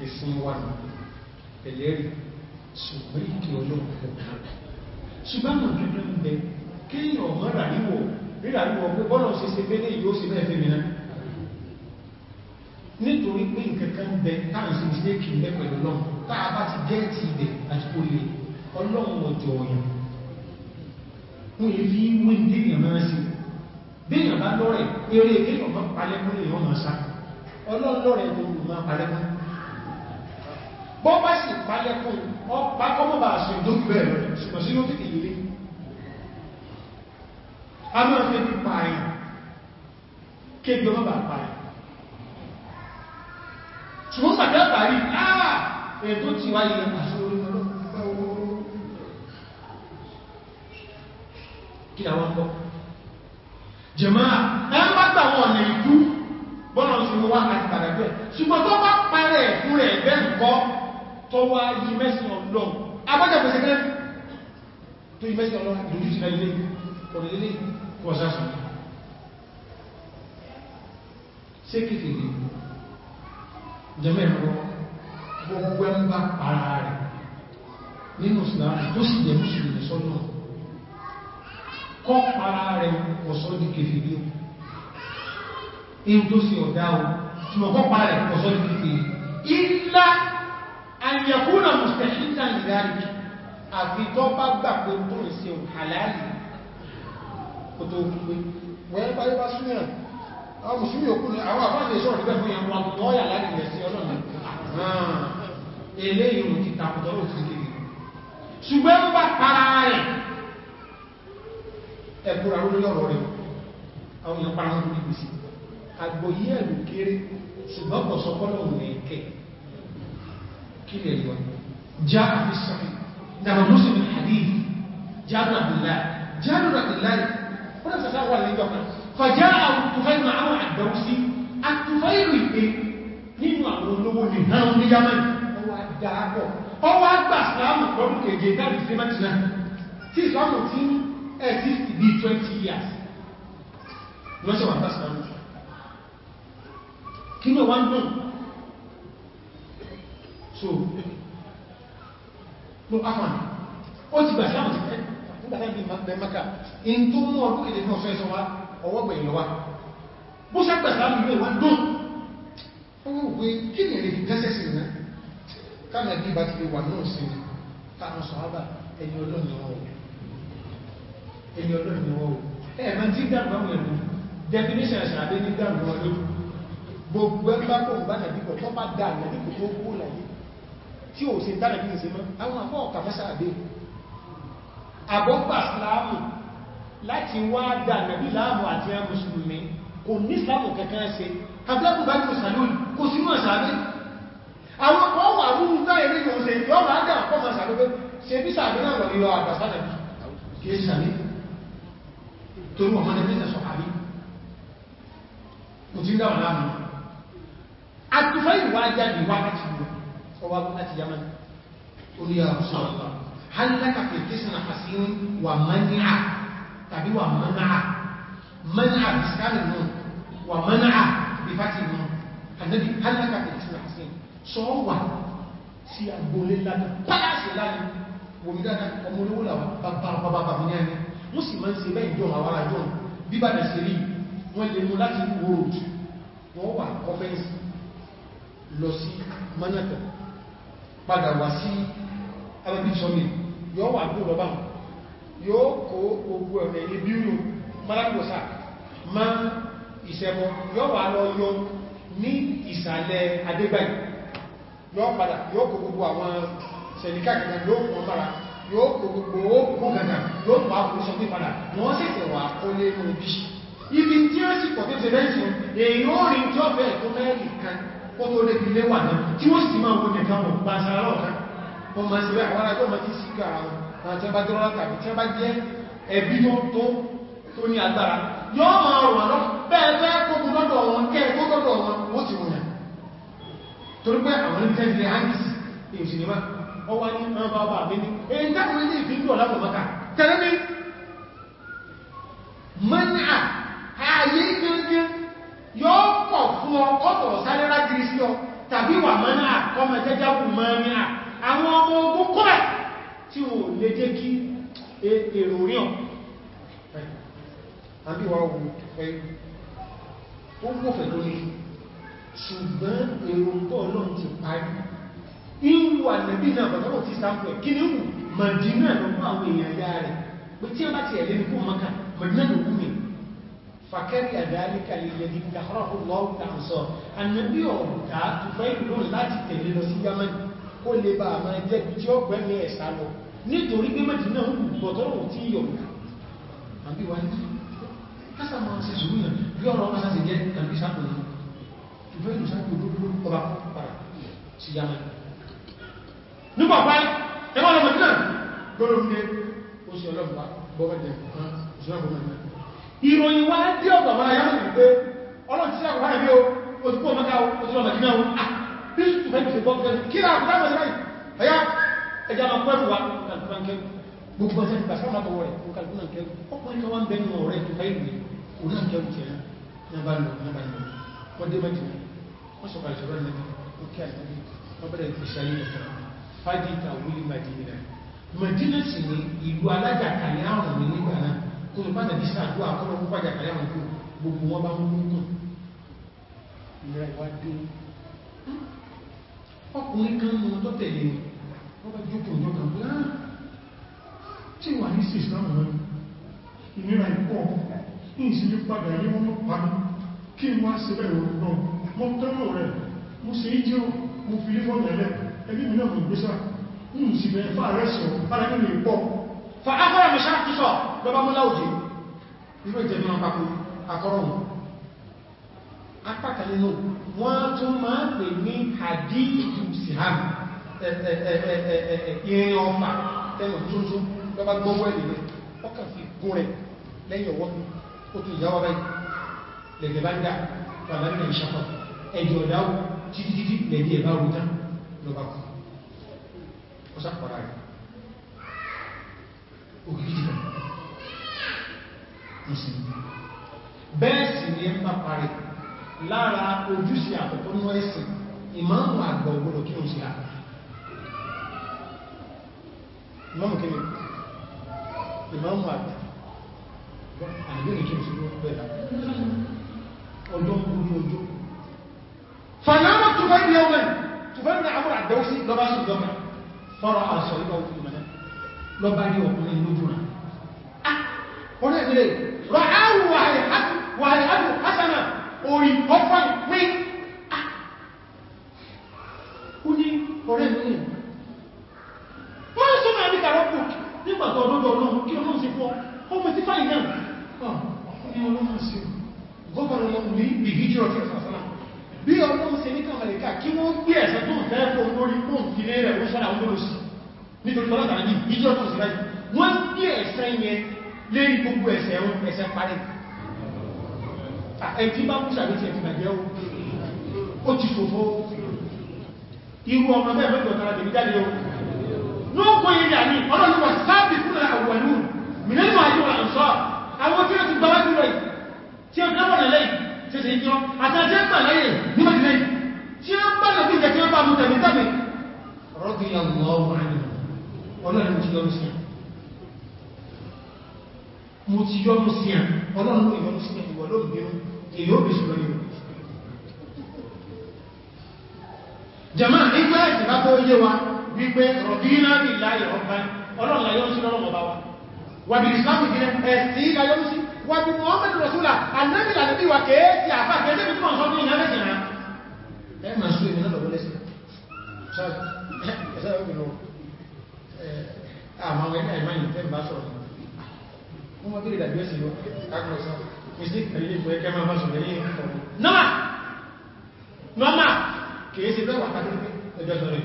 ẹ̀sìn wà ẹ̀lẹ́rì ṣùgbọ́n ìkẹ́ ọlọ́pọ̀ ṣùgbọ́n mọ̀ kí èèyàn mọ́ ràríwọ̀ ríràríwọ̀ pé bọ́lọ̀ sí ṣe pé ní ìlú ó sì mẹ́fẹ́ mìíràn nítorí pé nǹkankan bẹ táàsì mistake ń bẹ pẹ̀lú náà táà bá ti jẹ́ ti ibẹ̀ àti olè ọlọ́run ọjọ́ ọ̀yàn fún èrí wí díyàn máa sí díyàn bá lọ́rẹ̀ eré kéèyàn máa palẹ́mọ́ lè yọ́n máa sá ọlọ́lọ́rẹ̀ gbogbo máa palẹ́mọ́ bọ́ bá sì palẹ́kùn ọ pákọ́mọ́ bá sọ ìdókù bẹ̀rẹ̀ ṣùgbọ́n sínú tí kìí a máa fi ti pààyàn kéjọ mọ́ bà pààyàn ṣùgbọ́n sàkẹ́ àtàrí àà ètò tí wá ilẹ̀ àṣọ orí ọlọ́ kí àwọn ọkọ̀ jẹ̀mọ́ ẹgbàgbà wọn lè ikú bọ́nà ṣùgbọ́n wá àti pàdàgbẹ̀ ṣùgbọ́n tó bá parẹ̀ fún rẹ̀ bẹ́ẹ̀ kọ́ tó wá yí mẹ́sìn ọlọ́run abájẹ̀ pẹ̀sẹ̀kẹ́ tó yí orílẹ̀ wọ́sásùn ṣe kìfìdì jẹ́mẹ̀rọ gbogbo ẹmbà ara rẹ̀ nínú ìsìláàmù tó sì jẹ́ mùsùlùmí sọ́nà kọ́ para rẹ̀ ọ̀sọ́ di kìfìdì in tó sì ọ̀dá o ṣùgbọ́n kọ́ para rẹ̀ ọ̀sọ́ di kìfìdì ilá àyẹ̀kúnà mùsùlùmí àti tọ́ bá gbà pé tó ń ṣe hàlálì kò tó gbé wọ́n bá yí bá súnmìnà àwọn mùsùlùmí òkú ni àwọn àfáàlẹ̀ ìṣọ́ ìrìnbẹ̀ fún ìyàwó àtọ́yà láti rẹ̀ sí ọlọ́nà ilé ìrùn ti tàbùtọ́rọ̀ ti kiri ṣùgbẹ́ ń bá para rẹ̀ ẹ̀kùnrà lórí ọ̀rọ̀ rẹ̀ àwọn èèyàn para lórí gbèsè àgbòyí ẹ̀lù kéré ṣùgbọ́n kọ̀ sọpọ́lọ̀ òun ẹ̀kẹ́ kí lè lọ já àfisàn nàbàdúsìn hadith jáde àbìlá wọ́n sọ sáwọn àlejò kan fàjá àwọn tufailu àwọn àgbẹ̀wò sí àtufailu ìpé nínú àwọn olówó ní hàn ní yaman ọwọ́ àdáàbọ̀ ọwọ́ àgbà sàmù pẹ̀lú kèje dáàbì sí mẹ́tìnà tí ìsọ́mù tí exist bí 20 years wọ́n sọ wà pásánù kí ló wá ń dùn so no afọ́nà ó ti gbà sáàmù ti fẹ́ nígbàtà bí mẹ́mẹ́ka in tó mú ọdún kìdè fún ọ̀sán wa ọwọ́ pẹ̀lú wa bó sẹ́gbẹ̀ sáàmù ilé wa dùn owó pé kí ni èrè fi tẹ́sẹ̀ sí ìrìnà káàmì bí bá ti lè wà náà sí ni táwọn sọ ábà ẹni ọlọ́run gbogbo ẹgbẹ́ kò bá nàbí kò tó bá dáa nàbí kò tó kó láyé tí ò sí dára bí i sí mọ́ àwọn àpọ̀ ọ̀kà fẹ́sà àbẹ́ àbọ́gbà sláàmù láti wá dà nàbí láàmù àti ẹ mùsùlùmí kò ní ìsìlámù kankan ṣe abúlábù bá kò sàlúù kò sí mọ̀ sàbẹ́ àwọn kan wà rúrú tá eré yóò ṣe yọ́ máa dà kọ́ máa sàbẹ́ pé ṣe bí sàbẹ́ náà wọ̀ nílọ àgbàsánà kì í sàbẹ́ torí ọmọ ní mẹ́ta sọ̀kàrí kò tí dáwọn láàmù tàbí wà mọ́nàá mọ́nàá ìsìkárì náà wà mọ́nàá ìfàtí náà àdẹ́bí alága pẹ̀lú àṣẹ sọ wà sí agbólé lábẹ́ pálásì láyé wòmídáta ọmọ olówó làwà bàbá mi ní ẹni wọ́n sì máa ń ṣe bẹ́ ìjọ àwọn àjọ bíbà dẹ̀ sí rí wọ́n lè mú láti wòròdù wọ́n wà kọfẹ́ǹsì lọ sí yóò kó gbogbo ọ̀nà ilé bíúrù malakosa ma ìṣẹ̀bọ̀ yóò wà lọ yọ ní ìsàlẹ̀ adégbàyì yóò padà yóò kó gbogbo àwọn sẹ̀líkà kẹta yóò kó mara yóò kó gbogbo ogun kẹta yóò pa àkùnṣọ́ pé padà wọ́n sì tẹ̀wà ó lé ní ibi ibi tí ó sì pọ̀ tó ṣe lẹ́sìn èyí ó rí tí ó fẹ́ tó mẹ́rin kan ó tó lè fi lé wà náà tí ó sì máa wọ́n nìkan wọ́n bá ṣe aláwọ̀ kan wọ́n máa ṣe rẹ̀ àwọn alájọ́ máa ti sí kára wọn tí wọ́n bá jẹ́ rọ́nà tàbí tí wọ́n bá jẹ́ ẹbí tó tó tó ní agbára yóò máa rọ̀ wọ́n bẹ́ẹ̀ kókù lọ́dọ̀ wọn kẹ́ kó lọ́dọ̀ wọn ó ti wọ̀nyà torí pé àwọn ní tẹ́lẹ̀ hangis ìjìnìmá ọ wá ní ọmọ ọba àbíní èyí tẹ́kùnrin ní ìfìdíò lápò mọ́ta tẹ́lẹ̀ mi mọ́nà ààyè gẹ́gẹ́ yóò pọ̀ fún ọ ọ̀tọ̀ sáré rágìrì sí ọ tàbí wà mọ́nà ọmọ jẹ́jáwù mọ́nà àwọn tí ó lè jẹ́ kí e, èrò ríọ̀ àbíwá ogun ẹ̀yìn ó gbọ́fẹ̀ tó ní ṣùgbọ́n èrò pọ̀ náà ti parí ìwò ànàbí náà bàtọ́rọ̀ ti sáfẹ́ kí ní wù mọ̀dínà lọ́pọ̀ àwọn èèyàn yá rẹ̀ pé tí a bá ti ẹ̀lẹ́ nìkú mọ́ká mọ̀dínà ló gúnmẹ̀ fàkẹ́rì àdáríkà ilẹ̀ kó lè bá àmà jẹ́ tí ó pẹ́ mẹ́ ẹ̀sà lọ nítorí pé Mẹ́dínà ń lùgbọ́ tọ́lọ̀wọ̀ tí yọ̀nà àbí wá ní kásà máa ṣe sùúrù náà bí ọ̀rọ̀ ọmọ sáṣe jẹ́ tàbí sápòlù ṣùgbọ́n ìlú sápòlù gbogbo ọba pàpàrà sí yàmà nígbà o ẹwọ́n ọmọ náà lọ́rọ̀ ní ó sì ọlọ́pàá bọ́ọ̀dẹ̀ kan ìṣọ́gbọ̀n ìròyìn wá dé ọ̀gbà wọn ayáwó wípé ọlọ́tí sí àkọ́kọ́ bí sùtù mẹ́jì ṣe bọ́ gbẹ́ni kí láàrín láàrín láàrín láàrín ọ̀yá ẹja ma pẹ́rù wa kàlùmọ́nkẹ́ gbogbo ọjọ́ ìgbà sáwọn àbọ̀wọ̀ rẹ̀ kàlùmọ́nkẹ́ ọkọ̀ ní ọwọ́ ń bẹ́nu ọ̀rẹ́ tó bá ìwé onáǹkẹ́ òkè ẹ̀ ní bá lọ ní bá lọ wọ́n dé mẹ́jì wọ́n sọ pàlẹ̀ sọ́rọ̀ nẹ́bí ó kí àìsàbí wọ́n bẹ̀rẹ̀ ìfẹ̀ṣẹ́lẹ̀ ẹ̀fẹ́ fájìta wílì màdínà màdínà sì ni ìlú alájàkálẹ̀ àrùn ní nígbà náà tó ń bá nàbí sàdúrà kọ́lọ́ púpọ̀ àjàkálẹ̀ àrùn kú gbogbo wọn bá ń lókùn ìrẹ́ ìwádìí ọkùnrin kan mọ́ tó tẹ̀lé wọ́n bá jókòó ọjọ́ kan bá ah, tí wà ní sí ìsìlámù rẹ̀ ìnira ìpọ̀ ní ìsinmi padà yí wọ́n mọ́ parí kí n wá sí bẹ̀rẹ̀ òun náà mọ́ tọ́rọ rẹ̀ mo sì jíọ mo fi lé fọ́nà rẹ̀ ẹbí mi náà mo gbé sáà ń sì bẹ̀rẹ̀ fà rẹ̀ sọ bára nínú ìpọ̀ fa afẹ́rẹ̀ mi ṣáà tó sọ lọ́bá mọ́lá òjì irú ìjẹ́ mi wọn papọ̀ apákan nínú wọ́n tún máa pè ní hadithu siham ìrìn ọfà tẹ́lù tuntun lọ́bá gbọ́wọ́ ẹ̀lẹ́gbẹ́ ọkà fi gún rẹ̀ lẹ́yìn ọwọ́ ó tún ìyáwọ́ báyìí lẹ́gbẹ̀ bá ń dà lára ojúṣe àkọ́kọ́ ní ẹ̀sìn ìmáàmù àgbà ògbọ́dọ̀ kí o sí àgbà ìmáàmù kí ni ìmáàmù àgbà àgbẹ̀rẹ̀ kí o sí bẹ́ẹ̀ ọjọ́ orí ojú fanáwà tó bá ní ọmọ tó bá ní àwọn àdáwọ́sí lọ́bá sí ìjọba fọ́rọ̀ àṣọ ìgbà òkú mẹ́lẹ́ lọ́bá ní ọkùnrin lójú rẹ̀ ọ̀rẹ́ ìdílé rọ̀ áwọ̀ wàhálì hasana orí ọ̀pọ̀ ìpé ah! ó ní ọ̀rẹ́ mi wọ́n ń súnmọ̀ àríkà rọ́pù nígbàtọ̀ ọdọ́dọ̀ ọlọ́run kí ọlọ́run sí fọ́ ọmọ tí fáyì náà ní ah, ọlọ́run sí gọ́bọ̀rọ̀ ọlọ́run ní ìhíjì ọjọ́ ìsàsánà bí ọlọ́run sí ní kàmàlẹ̀ká kí wọ́n gbé ẹ̀sẹ̀ tó ń fẹ́ fún lórí fún ilé rẹ̀ ó sára ọdọ́rọ̀ sí nítorí ọlọ́run ní ìjọ́ tó sì láì wọ́n gbé ẹ̀sẹ̀ yẹn lérí gbogbo ẹ̀sẹ̀ ẹ̀sẹ̀ parí Ah, ẹ̀tí bá kúsà ní ti ẹ̀tí bàjẹ́ o ó ti fòfó irú ọmọ mẹ́rin mẹ́rin ọ̀tara lè jáde o ní ó kóyí rẹ̀ ní ọlọ́lọ́wọ́ sáàbì fún àwọ̀lú mìírànlọ́ àyíwà ìṣọ́ àwọn tí ó ti gbáwájú rẹ̀ tí ó dábọ̀nà lẹ́yìn tí ó sì jọ àtàjẹ́ pà láyè ní mẹ́rin tí ó bá lọ sí ìjẹ́ tí ó bá mú tẹ̀mí tẹ̀mí rọ́dìyàn mo ti yọ́nú sí ẹ̀ ọlọ́run ìyọ́nú sí ẹ̀wọ̀ lóògbé èyí ó bí ṣùgbọ́n yìí jama nígbà ẹ̀sìn bá tó yé wa wípé rọ̀bíná ní láyé ọba ọlọ́run láyọ́ sí lọ́rọ̀ ọba wa wà bí ìsìlámù jẹ́ ẹ̀sìn láyọ́ sí wà bí Muhammadu Rasulullah anábìlà níbi wà kéèkì àfà kẹ́ẹ̀ẹ́ bí wọ́n sọ ní ìyá mẹ́sìn rán ẹ̀ máa sú èmi náà lọ́wọ́ lẹ́sìn ṣáàtì ẹ̀sẹ̀ ọ̀gbìn mistake relief wẹ́ kẹ́mọ́ bá sọ̀rọ̀ yìí ọ̀rọ̀ normal normal kìí sí pẹ́wà kàtàkì ẹjọ́ sọ̀rọ̀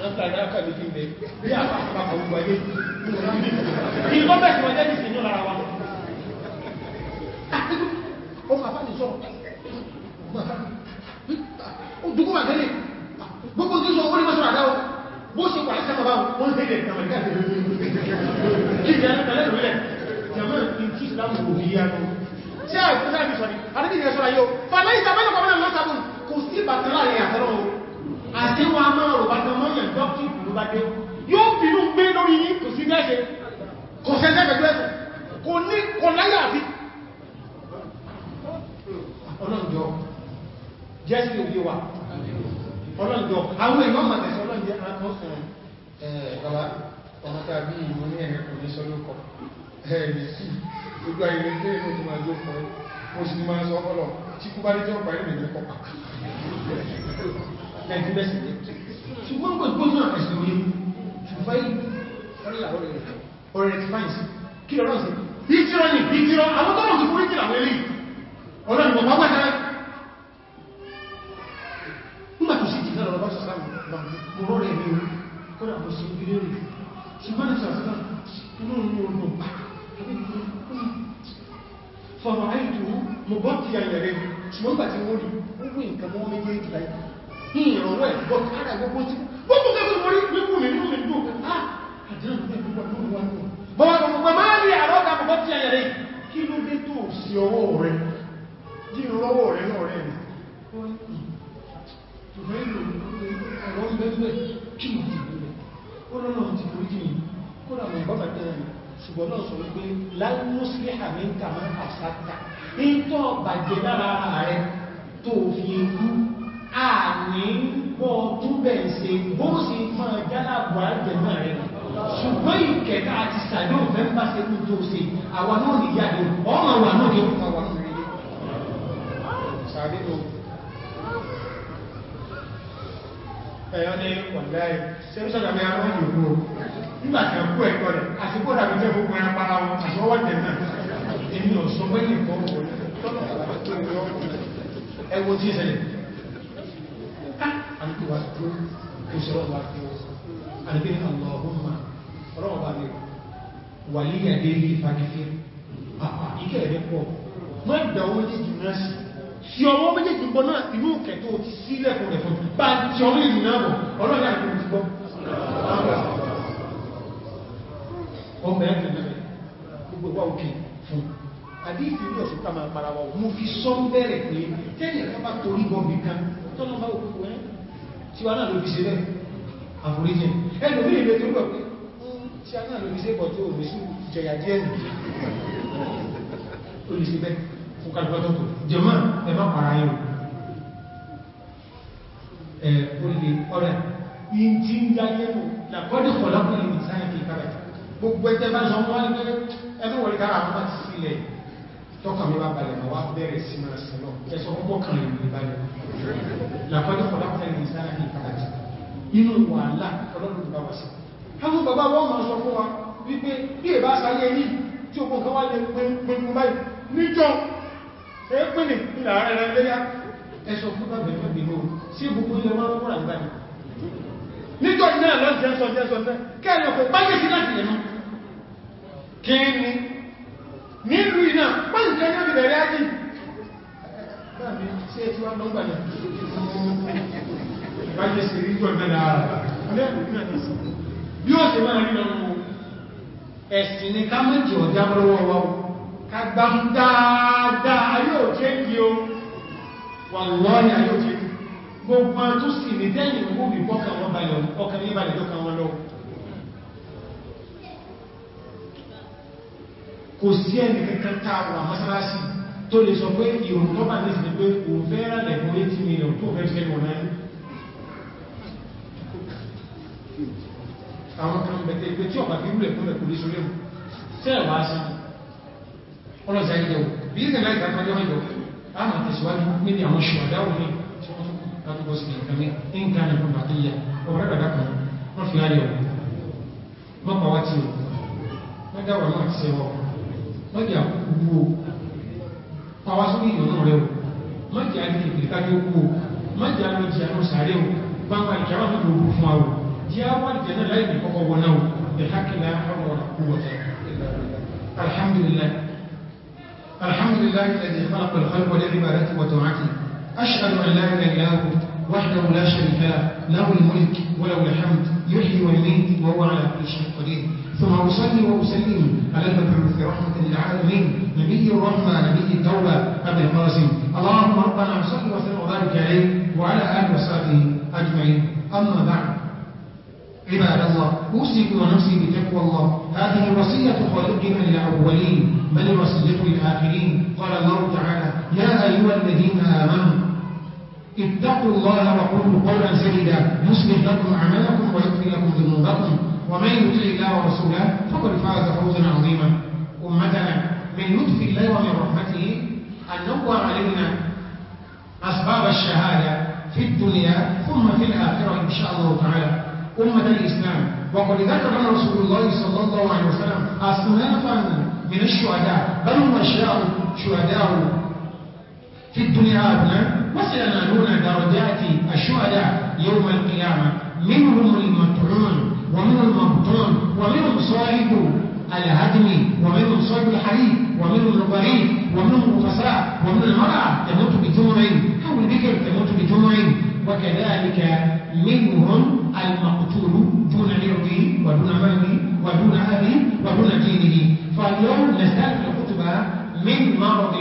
látàrí àkàbí kí n bẹ bí àpapọ̀ gbogbo ayé ìgbọ́bẹ̀ẹ̀kì wọ́n jẹ́ ìsìn yóò lára wa ó tí sọ orí mọ́sọ̀rọ̀ àdáwọ̀ tí a ìpínlẹ̀ àbí sọ̀rí àdébì ìrìn ẹ̀ṣọ́ra yóò fàlẹ́ ìsàbẹ́lẹ̀ pàmílẹ̀ lọ́sàbùn kò sí ìbàtàn láàrin àtọ́rọ̀ ohun àti wọn a máa rò bá tán mọ́yàn dọ́kì ìlú bá dé yóò bínú gbé lórí yí kò sí gẹ́ẹ̀ṣẹ́ kò sẹ́sẹ́ pẹ̀lú ẹ̀sẹ̀ kò ní kò láyà àbí ọlọ́njọ́ jẹ́sí òbí wa ọlọ́njọ́ àwọn èèyàn mà tẹ̀sọ́ ọlọ́njẹ́ àtọ́sùn ẹ̀ bàbá ọmọ tàbí ìwò ní ẹ̀rẹ́ kò ní sọ́lọ́kọ̀ ẹ̀rẹ́ sí ojú ayé rẹ̀ dé inú tó máa jó fún ẹ mo sì ní máa sọ ọpọlọ tí kú bá dé jẹ́ ọ̀pá ìrìnlẹ̀ pọ̀pá ẹ̀dí bẹ́sì jẹ́ ṣùgbọ́n gbogbo náà ẹ̀sìn òye ṣùgbọ́n ọ̀rẹ́ ti fáìsì kí lọ́rọ̀ sí ìtìrọ ní ìtìrọ àwọn tọ́rọ̀ ti fún ìtìrọ lẹ́lẹ́ ọ̀rọ̀ ni bọ̀bá wájá nígbà tó sí ìtìrọ lọ́rọ̀ bá sọ́sánà mọ̀rọ̀ rẹ̀ ní orí kọ́rọ̀ àbọ̀sí ìrẹ́rẹ̀ ṣùgbọ́n ìtìrọ fọ̀rọ̀ àìtò mo bọ́ ti àyẹ̀ rẹ̀ ṣùgbọ́n gbà tí wọ́n rí ogun nǹkan mọ́ méjì ìjìlá ìrànwọ́ ẹ̀ bọ́ kára gbogbo tí gbogbo kẹ́kọ̀ọ́ mọ́rí wípù mi ní ìlú ah àdínà gbogbo gbogbo wọn bọ́wọ́ gbogbo máa rí àrọ́gà bọ́ ti àyẹ̀ rẹ̀ kí ló dé tó sí ọwọ́ rẹ̀ dí ìrọwọ́ rẹ̀ náà rẹ̀ rẹ̀ ọ̀rọ̀ ń bẹ́ẹ̀ ṣùgbọ́n náà sọ wípé láìmúsílẹ̀ àmìntà mọ́ àṣàtà ń tọ́ bàjẹ́ lára rẹ tó fi ikú àní pọ̀ túbẹ̀ ṣe bóòsì máa jálàbọ̀ àjẹ̀mọ́ rẹ ṣùgbọ́n ìkẹta àti sàdé òfẹ́ bá ṣe kú tó ṣe àwọn náà ní ìyá ni ọmọ wà náà ní ọmọ ṣe ń sọ̀rọ̀ mi ìlú nígbà kan kú ẹ̀kọ́ rẹ̀ àsìkò dàbí jẹ́ fún ẹran para wọn àṣọwọ́ jẹ náà èmi ò sọ pé nìkan ẹwọ tí ìṣẹ̀lẹ̀ àdúgbò àdúgbò kò sọ̀rọ̀ wà fún àdúgbò àwọn ọgbọ́n ọlọ́wọ́ bá mi wà ní ẹ̀dẹ́ ilé ìfàgífẹ́ pàpà ikẹ́ ẹ̀dẹ́ pọ̀ mọ́ ìgbà owó méjèèjì náà sí tí ọwọ́ méjèèjì bọ́ náà inú kẹtọ́ ti sílẹ̀kùn rẹ̀ fún bá ti ọmọ ìlú náà bọ̀ ọlọ́rin àgbẹ̀rẹ̀ ti bọ́ wọ́n bẹ̀rẹ̀ fún mẹ́rin gbogbo wà òkè fún àdífì ní ọ̀sùn tàbí àpàrà wọ̀ mú fi sọ ń bẹ̀rẹ̀ pé tẹ́yìn ẹ̀kọ́ bá torí gọmì kan tọ́nà bá òkú ẹ́ tí wà náà ló fi ṣe rẹ̀ àforíjì ẹnu ní ìlú tó gbọ̀ pé tí a náà ló fi ṣe pọ̀ tó òmìsú jẹyà díẹ̀ nù ó lè ṣe bẹ́ fún kàlùkọ́tọ̀ tó jẹmọ́ ẹ má para yìí ẹ̀ ó lè ọ̀rẹ́ yìí tí ń dá gbogbo ẹgbẹ́ bá ṣe ọmọ wá ní pé ẹnu wọ̀lẹ̀ kára àwọn bá ti sílẹ̀ tọ́kàn mi bá balẹ̀ ma wá bẹ̀rẹ̀ sí máa sí lọ ẹ̀sọ́ púpọ̀ kan rẹ̀ ní balẹ̀ làkọ́jọ́ kọ̀dá pẹ̀lú ìsára ní pàtàkì inú wàhálà ọlọ́run bá wà sí àwọn bàbá wọ́n máa sọ fún wa wípé bí èbá sáyé ní tí ó kún kan wá lè gbogbo báyìí níjọ ẹgbẹ́ ní ìlà ààrẹ rẹ̀ lẹ́yà ẹ̀sọ̀ fún bàbẹ̀ fún ìgbìmọ̀ sí gbogbo ilẹ̀ wọn lọ́pọ̀ àgbáyìí níjọ náà lọ́sẹ̀ ẹ̀sọ̀ báyé sí láti lẹ́mọ́ kíni nílùú iná pẹ́ǹkẹ́ ní ìbẹ̀rẹ̀ ájì láàrin sí ẹ̀tí wá lọ́gbà ní ìbájẹ́ sí rí gbọ́n mẹ́rin ara bí ó ṣe máa rí lọ́nà ẹ̀sìn ni ká mẹ́jì ọ̀dá lọ́wọ́ wa kagbá ń dáadáa yóò jẹ́ kí o wà lọ́yà yóò jẹ́ gbogbo tó sì ní tẹ́yìn gbogbo ìbọ́kàn wọn balẹ̀ ọkàn ní balẹ̀ tó kan wọn lọ́wọ́ kò sí ẹni kankan táàwà mọ́sálásí tó lè sọ pé ìrùn tó bá ní sí pé kò fẹ́rà lẹ́kùn 80 million tó fẹ́ fẹ́ wọ̀n náà àwọn kan bẹ̀tẹ̀ pé tí ọ̀pá fi rúlẹ̀ fún ẹ̀kùn lésọ léwu tẹ́ẹ̀wà sí ọlọ́sà ìjẹun bí ìsìn láì tàbí ọjọ́ ìjọ àmà tẹ̀síwájú níbi àwọn ṣùwàdáwò ní tí wọ́n tún kàtúkọ́ sí ìkàmí nǹkan ẹ̀kùn bàtíyà ọ̀rẹ́ bàdákan wọ́n fi láyọ̀ mọ́pàá wá tí ó mẹ́dáwà náà ti ṣe wọ́pọ̀ mọ́jà kúrò pàwá sórí ìyọ̀nà rẹ̀ o mọ́jà ní ìpìlẹ̀kájú kúrò mọ́jà ní ìjìyànú sàárẹ̀ o gbangba ìjọba ní gbogbo fún àwọ̀ jẹ́ àwọn ìjẹ̀nà láì ní kọ́kọ́ wọ náà ìhákìlá àwọn ọ̀rọ̀ alhamdulillah alhamdulillah الذي خلق الخلق لعبادته وطاعته أشهد أن لا إله إلا هو وحده لا شريك له له الملك وله الحمد يحيي ويميت وهو على كل شيء قدير ثم أصلي وأسلم على المبعوث رحمة للعالمين نبي الرحمة نبي الدولة أبي القاسم اللهم ربنا صل وسلم وبارك عليه وعلى آله وصحبه أجمعين أما بعد عباد الله أوصيك ونفسي بتقوى الله هذه وصية خالقنا للأولين بل وصية الآخرين قال الله تعالى يا أيها الذين آمنوا اتقوا الله وقولوا قولا سديدا يصلح لكم عملكم ويكفي لكم ذنوبكم ومن يطع الله ورسوله فقد فاز فوزا عظيما أمتنا من لطف الله ومن رحمته أن نوع علينا أسباب الشهادة في الدنيا ثم في الآخرة إن شاء الله تعالى أمة الإسلام وقد ذكر رسول الله صلى الله عليه وسلم أصنافا من الشهداء بل هم شهداء في الدنيا ابناء وسينالون درجات الشهداء يوم القيامة منهم المطعون ومن المبطون ومنهم صاحب الهدم ومنهم صاحب الحليب ومنهم الغريب ومنهم الخسراء ومن المرعى تموت بجمع أو البكر تموت بجمع وكذلك منهم المقتول دون عرضه ودون ماله ودون اهله ودون دينه فاليوم في الخطبة من مرض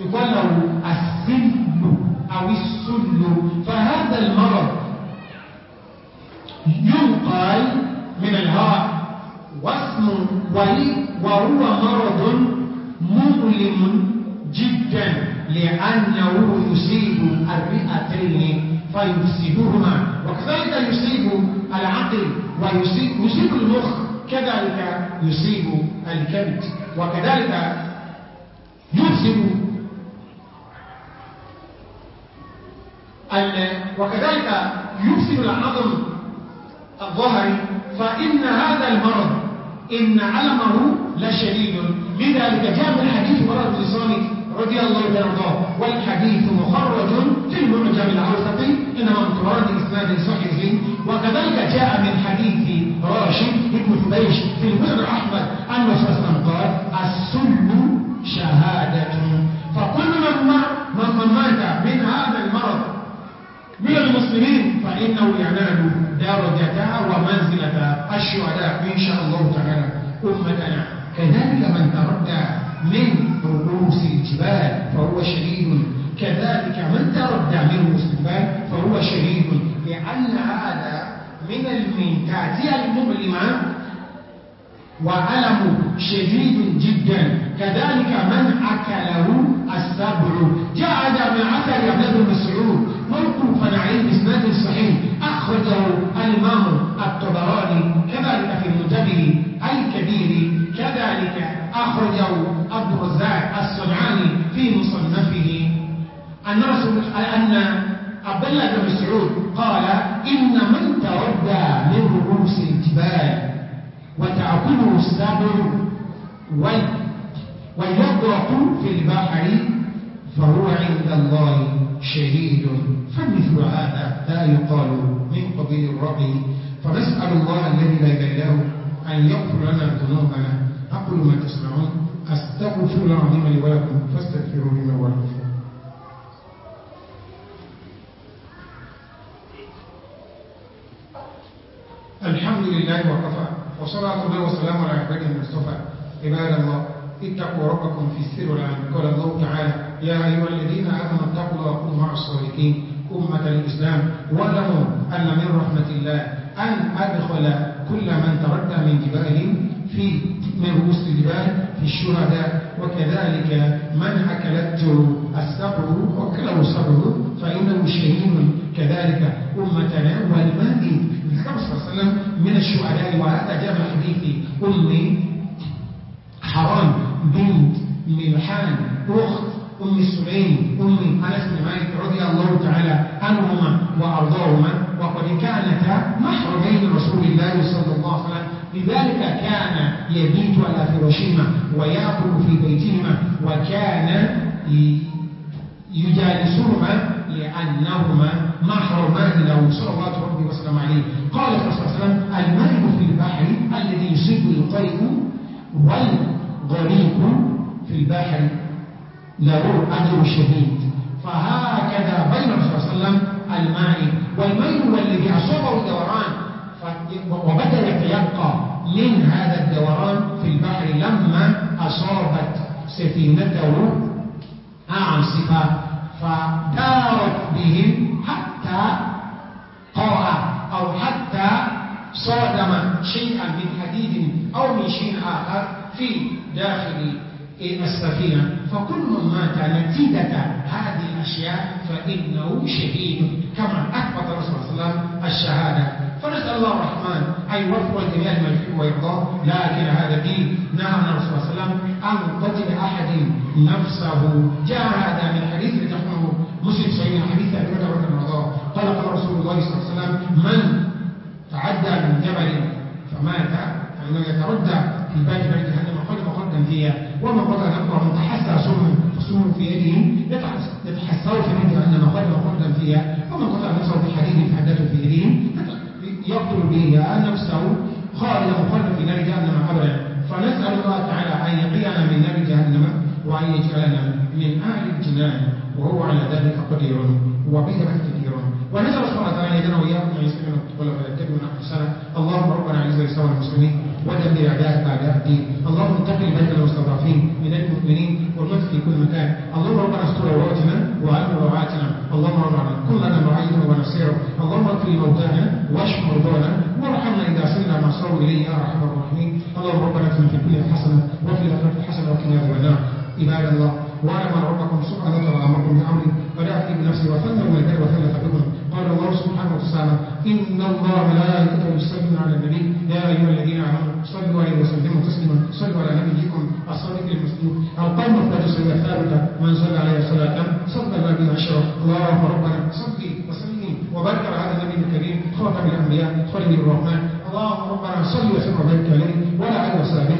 يقال له السل أو السل فهذا المرض يقال من الهرع واسم ولي وهو مرض مؤلم جدا لأنه يصيب الرئتين فيفسدهما وكذلك يصيب العقل ويصيب يصيب المخ كذلك يصيب الكبد وكذلك يفسد وكذلك يفسد العظم الظهري فإن هذا المرض إن علمه لشديد لذلك جاء من حديث مرض اللسان رضي الله عنه والحديث مخرج في المعجم العوسطي إنما انقرار إسناد صحيح وكذلك جاء من حديث راشد بن فبيش في المسلم أحمد أنه صلى قال السل شهادة فكل من مات من هذا المرض من المسلمين فإنه ينال درجتها ومنزلتها الشهداء إن شاء الله تعالى أمتنا نعم. كذلك من تردى من رؤوس الجبال فهو شهيد كذلك من تردى من رؤوس الجبال فهو شهيد لأن هذا من الميتات المؤلمة وألم شديد جدا كذلك من أكله السبع جاء هذا من أثر ابن مسعود موقوفا عليه بإسناد الصحيح أخرجه الإمام الطبراني كذلك في المنتبه الكبير كذلك أخرجه عبد الرزاق الصنعاني في مصنفه أن رسول أن عبد الله بن مسعود قال إن من تردى من رؤوس الجبال وتعقده السابر ويضرق في البحر فهو عند الله شديد فمثل هذا لا يقال من قبيل الرأي فنسأل الله الذي لا إله أن يغفر لنا ذنوبنا أقول ما تسمعون أستغفر الله العظيم لي ولكم فاستغفروا لنا ولكم الحمد لله وكفى وصلاة الله وسلامه على عباده المصطفى عباد الله اتقوا ربكم في السر والعلم قال الله تعالى يا أيها الذين آمنوا اتقوا الله وكونوا مع الصالحين أمة الإسلام واعلموا أن من رحمة الله أن أدخل كل من تردى من جبالهم في من رؤوس الجبال في الشهداء وكذلك من أكلته السبع وكله سبع فإنه شهيد كذلك أمتنا والمهدي ذكر صلى الله عليه وسلم من الشهداء وهذا جاء من حديث أم حرام بنت ملحان أخت أم سليم أم أنس بن مالك رضي الله تعالى عنهما وأرضاهما وقد كانتا محرمين رسول الله صلى الله عليه وسلم لذلك كان يبيت على فراشهما ويأكل في بيتهما وكان يجالسهما لأنهما محرمان له صلوات ربي وسلم عليه قال صلى الله عليه وسلم الملك في البحر الذي يصيب القيء والغريق في البحر له أجر شديد فهكذا بين الرسول صلى الله عليه وسلم الماء والميل الذي أصابه الدوران وبدأ يتيقى من هذا الدوران في البحر لما أصابت سفينته أعصفة فدارت بهم حتى قرأ أو حتى صادم شيئا من حديد أو من شيء آخر في داخل السفينة فكل مات نتيجة هذه الأشياء فإنه شهيد كما أثبت رسول الله صلى الله عليه وسلم الشهادة فنسأل الله الرحمن أن يوفق الجميع ما يحب ويرضى لكن هذا الدين نهى الرسول صلى الله عليه وسلم أن قتل أحد نفسه جاء هذا من حديث نحن مسلم سيدنا حديث أبي بكر رضي الله عنه قال قال رسول الله صلى الله عليه وسلم من تعدى من جبل فمات فإنه يتردى في باب جهنم خلق خلقا فيها ومن قطع ومن تحسر سم في يده يتحسر في يده انما قتل قتلا فيها ومن قطع نفسه حديث فحدته في يده يقتل به نفسه خالد مخلد في نار جهنم ابدا فنسال الله تعالى ان يقينا من نار جهنم وان يجعلنا من اهل الجنان وهو على ذلك قدير وبه كثير ونسال الله تعالى ان يجعلنا واياكم أن يسلمنا ويتبعنا أحسن اللهم ربنا عز وجل المسلمين ودمر اعداءك بعد الدين اللهم انتقل بيننا المستضعفين من المؤمنين والموت في كل مكان اللهم ربنا استر عوراتنا وعن روعاتنا اللهم ربنا كلنا معين ونصير اللهم اغفر موتانا واشف مرضانا وارحمنا اذا صرنا ما صاروا اليه يا ارحم الراحمين اللهم ربنا اتنا في الدنيا حسنه وفي الاخره حسنه وقنا عذاب النار عباد الله واعلم ربكم سبحانه وتعالى امركم بامر فلا اكفي بنفسي وثنى وملكه وثنى فبكم قال الله سبحانه وتعالى ان الله ملائكته يصلون على النبي يا ايها الذين امنوا صلوا عليه وسلموا تسليما صلوا على نبيكم الصادق المسلم أو قال مفرد صلى ثابتة من صلى عليه صلاة صلى الله عليه وسلم اللهم ربنا صل وسلم وبارك على هذا النبي الكريم خاتم الأنبياء خليل الرحمن اللهم ربنا صل وسلم وبارك عليه وعلى آله وصحبه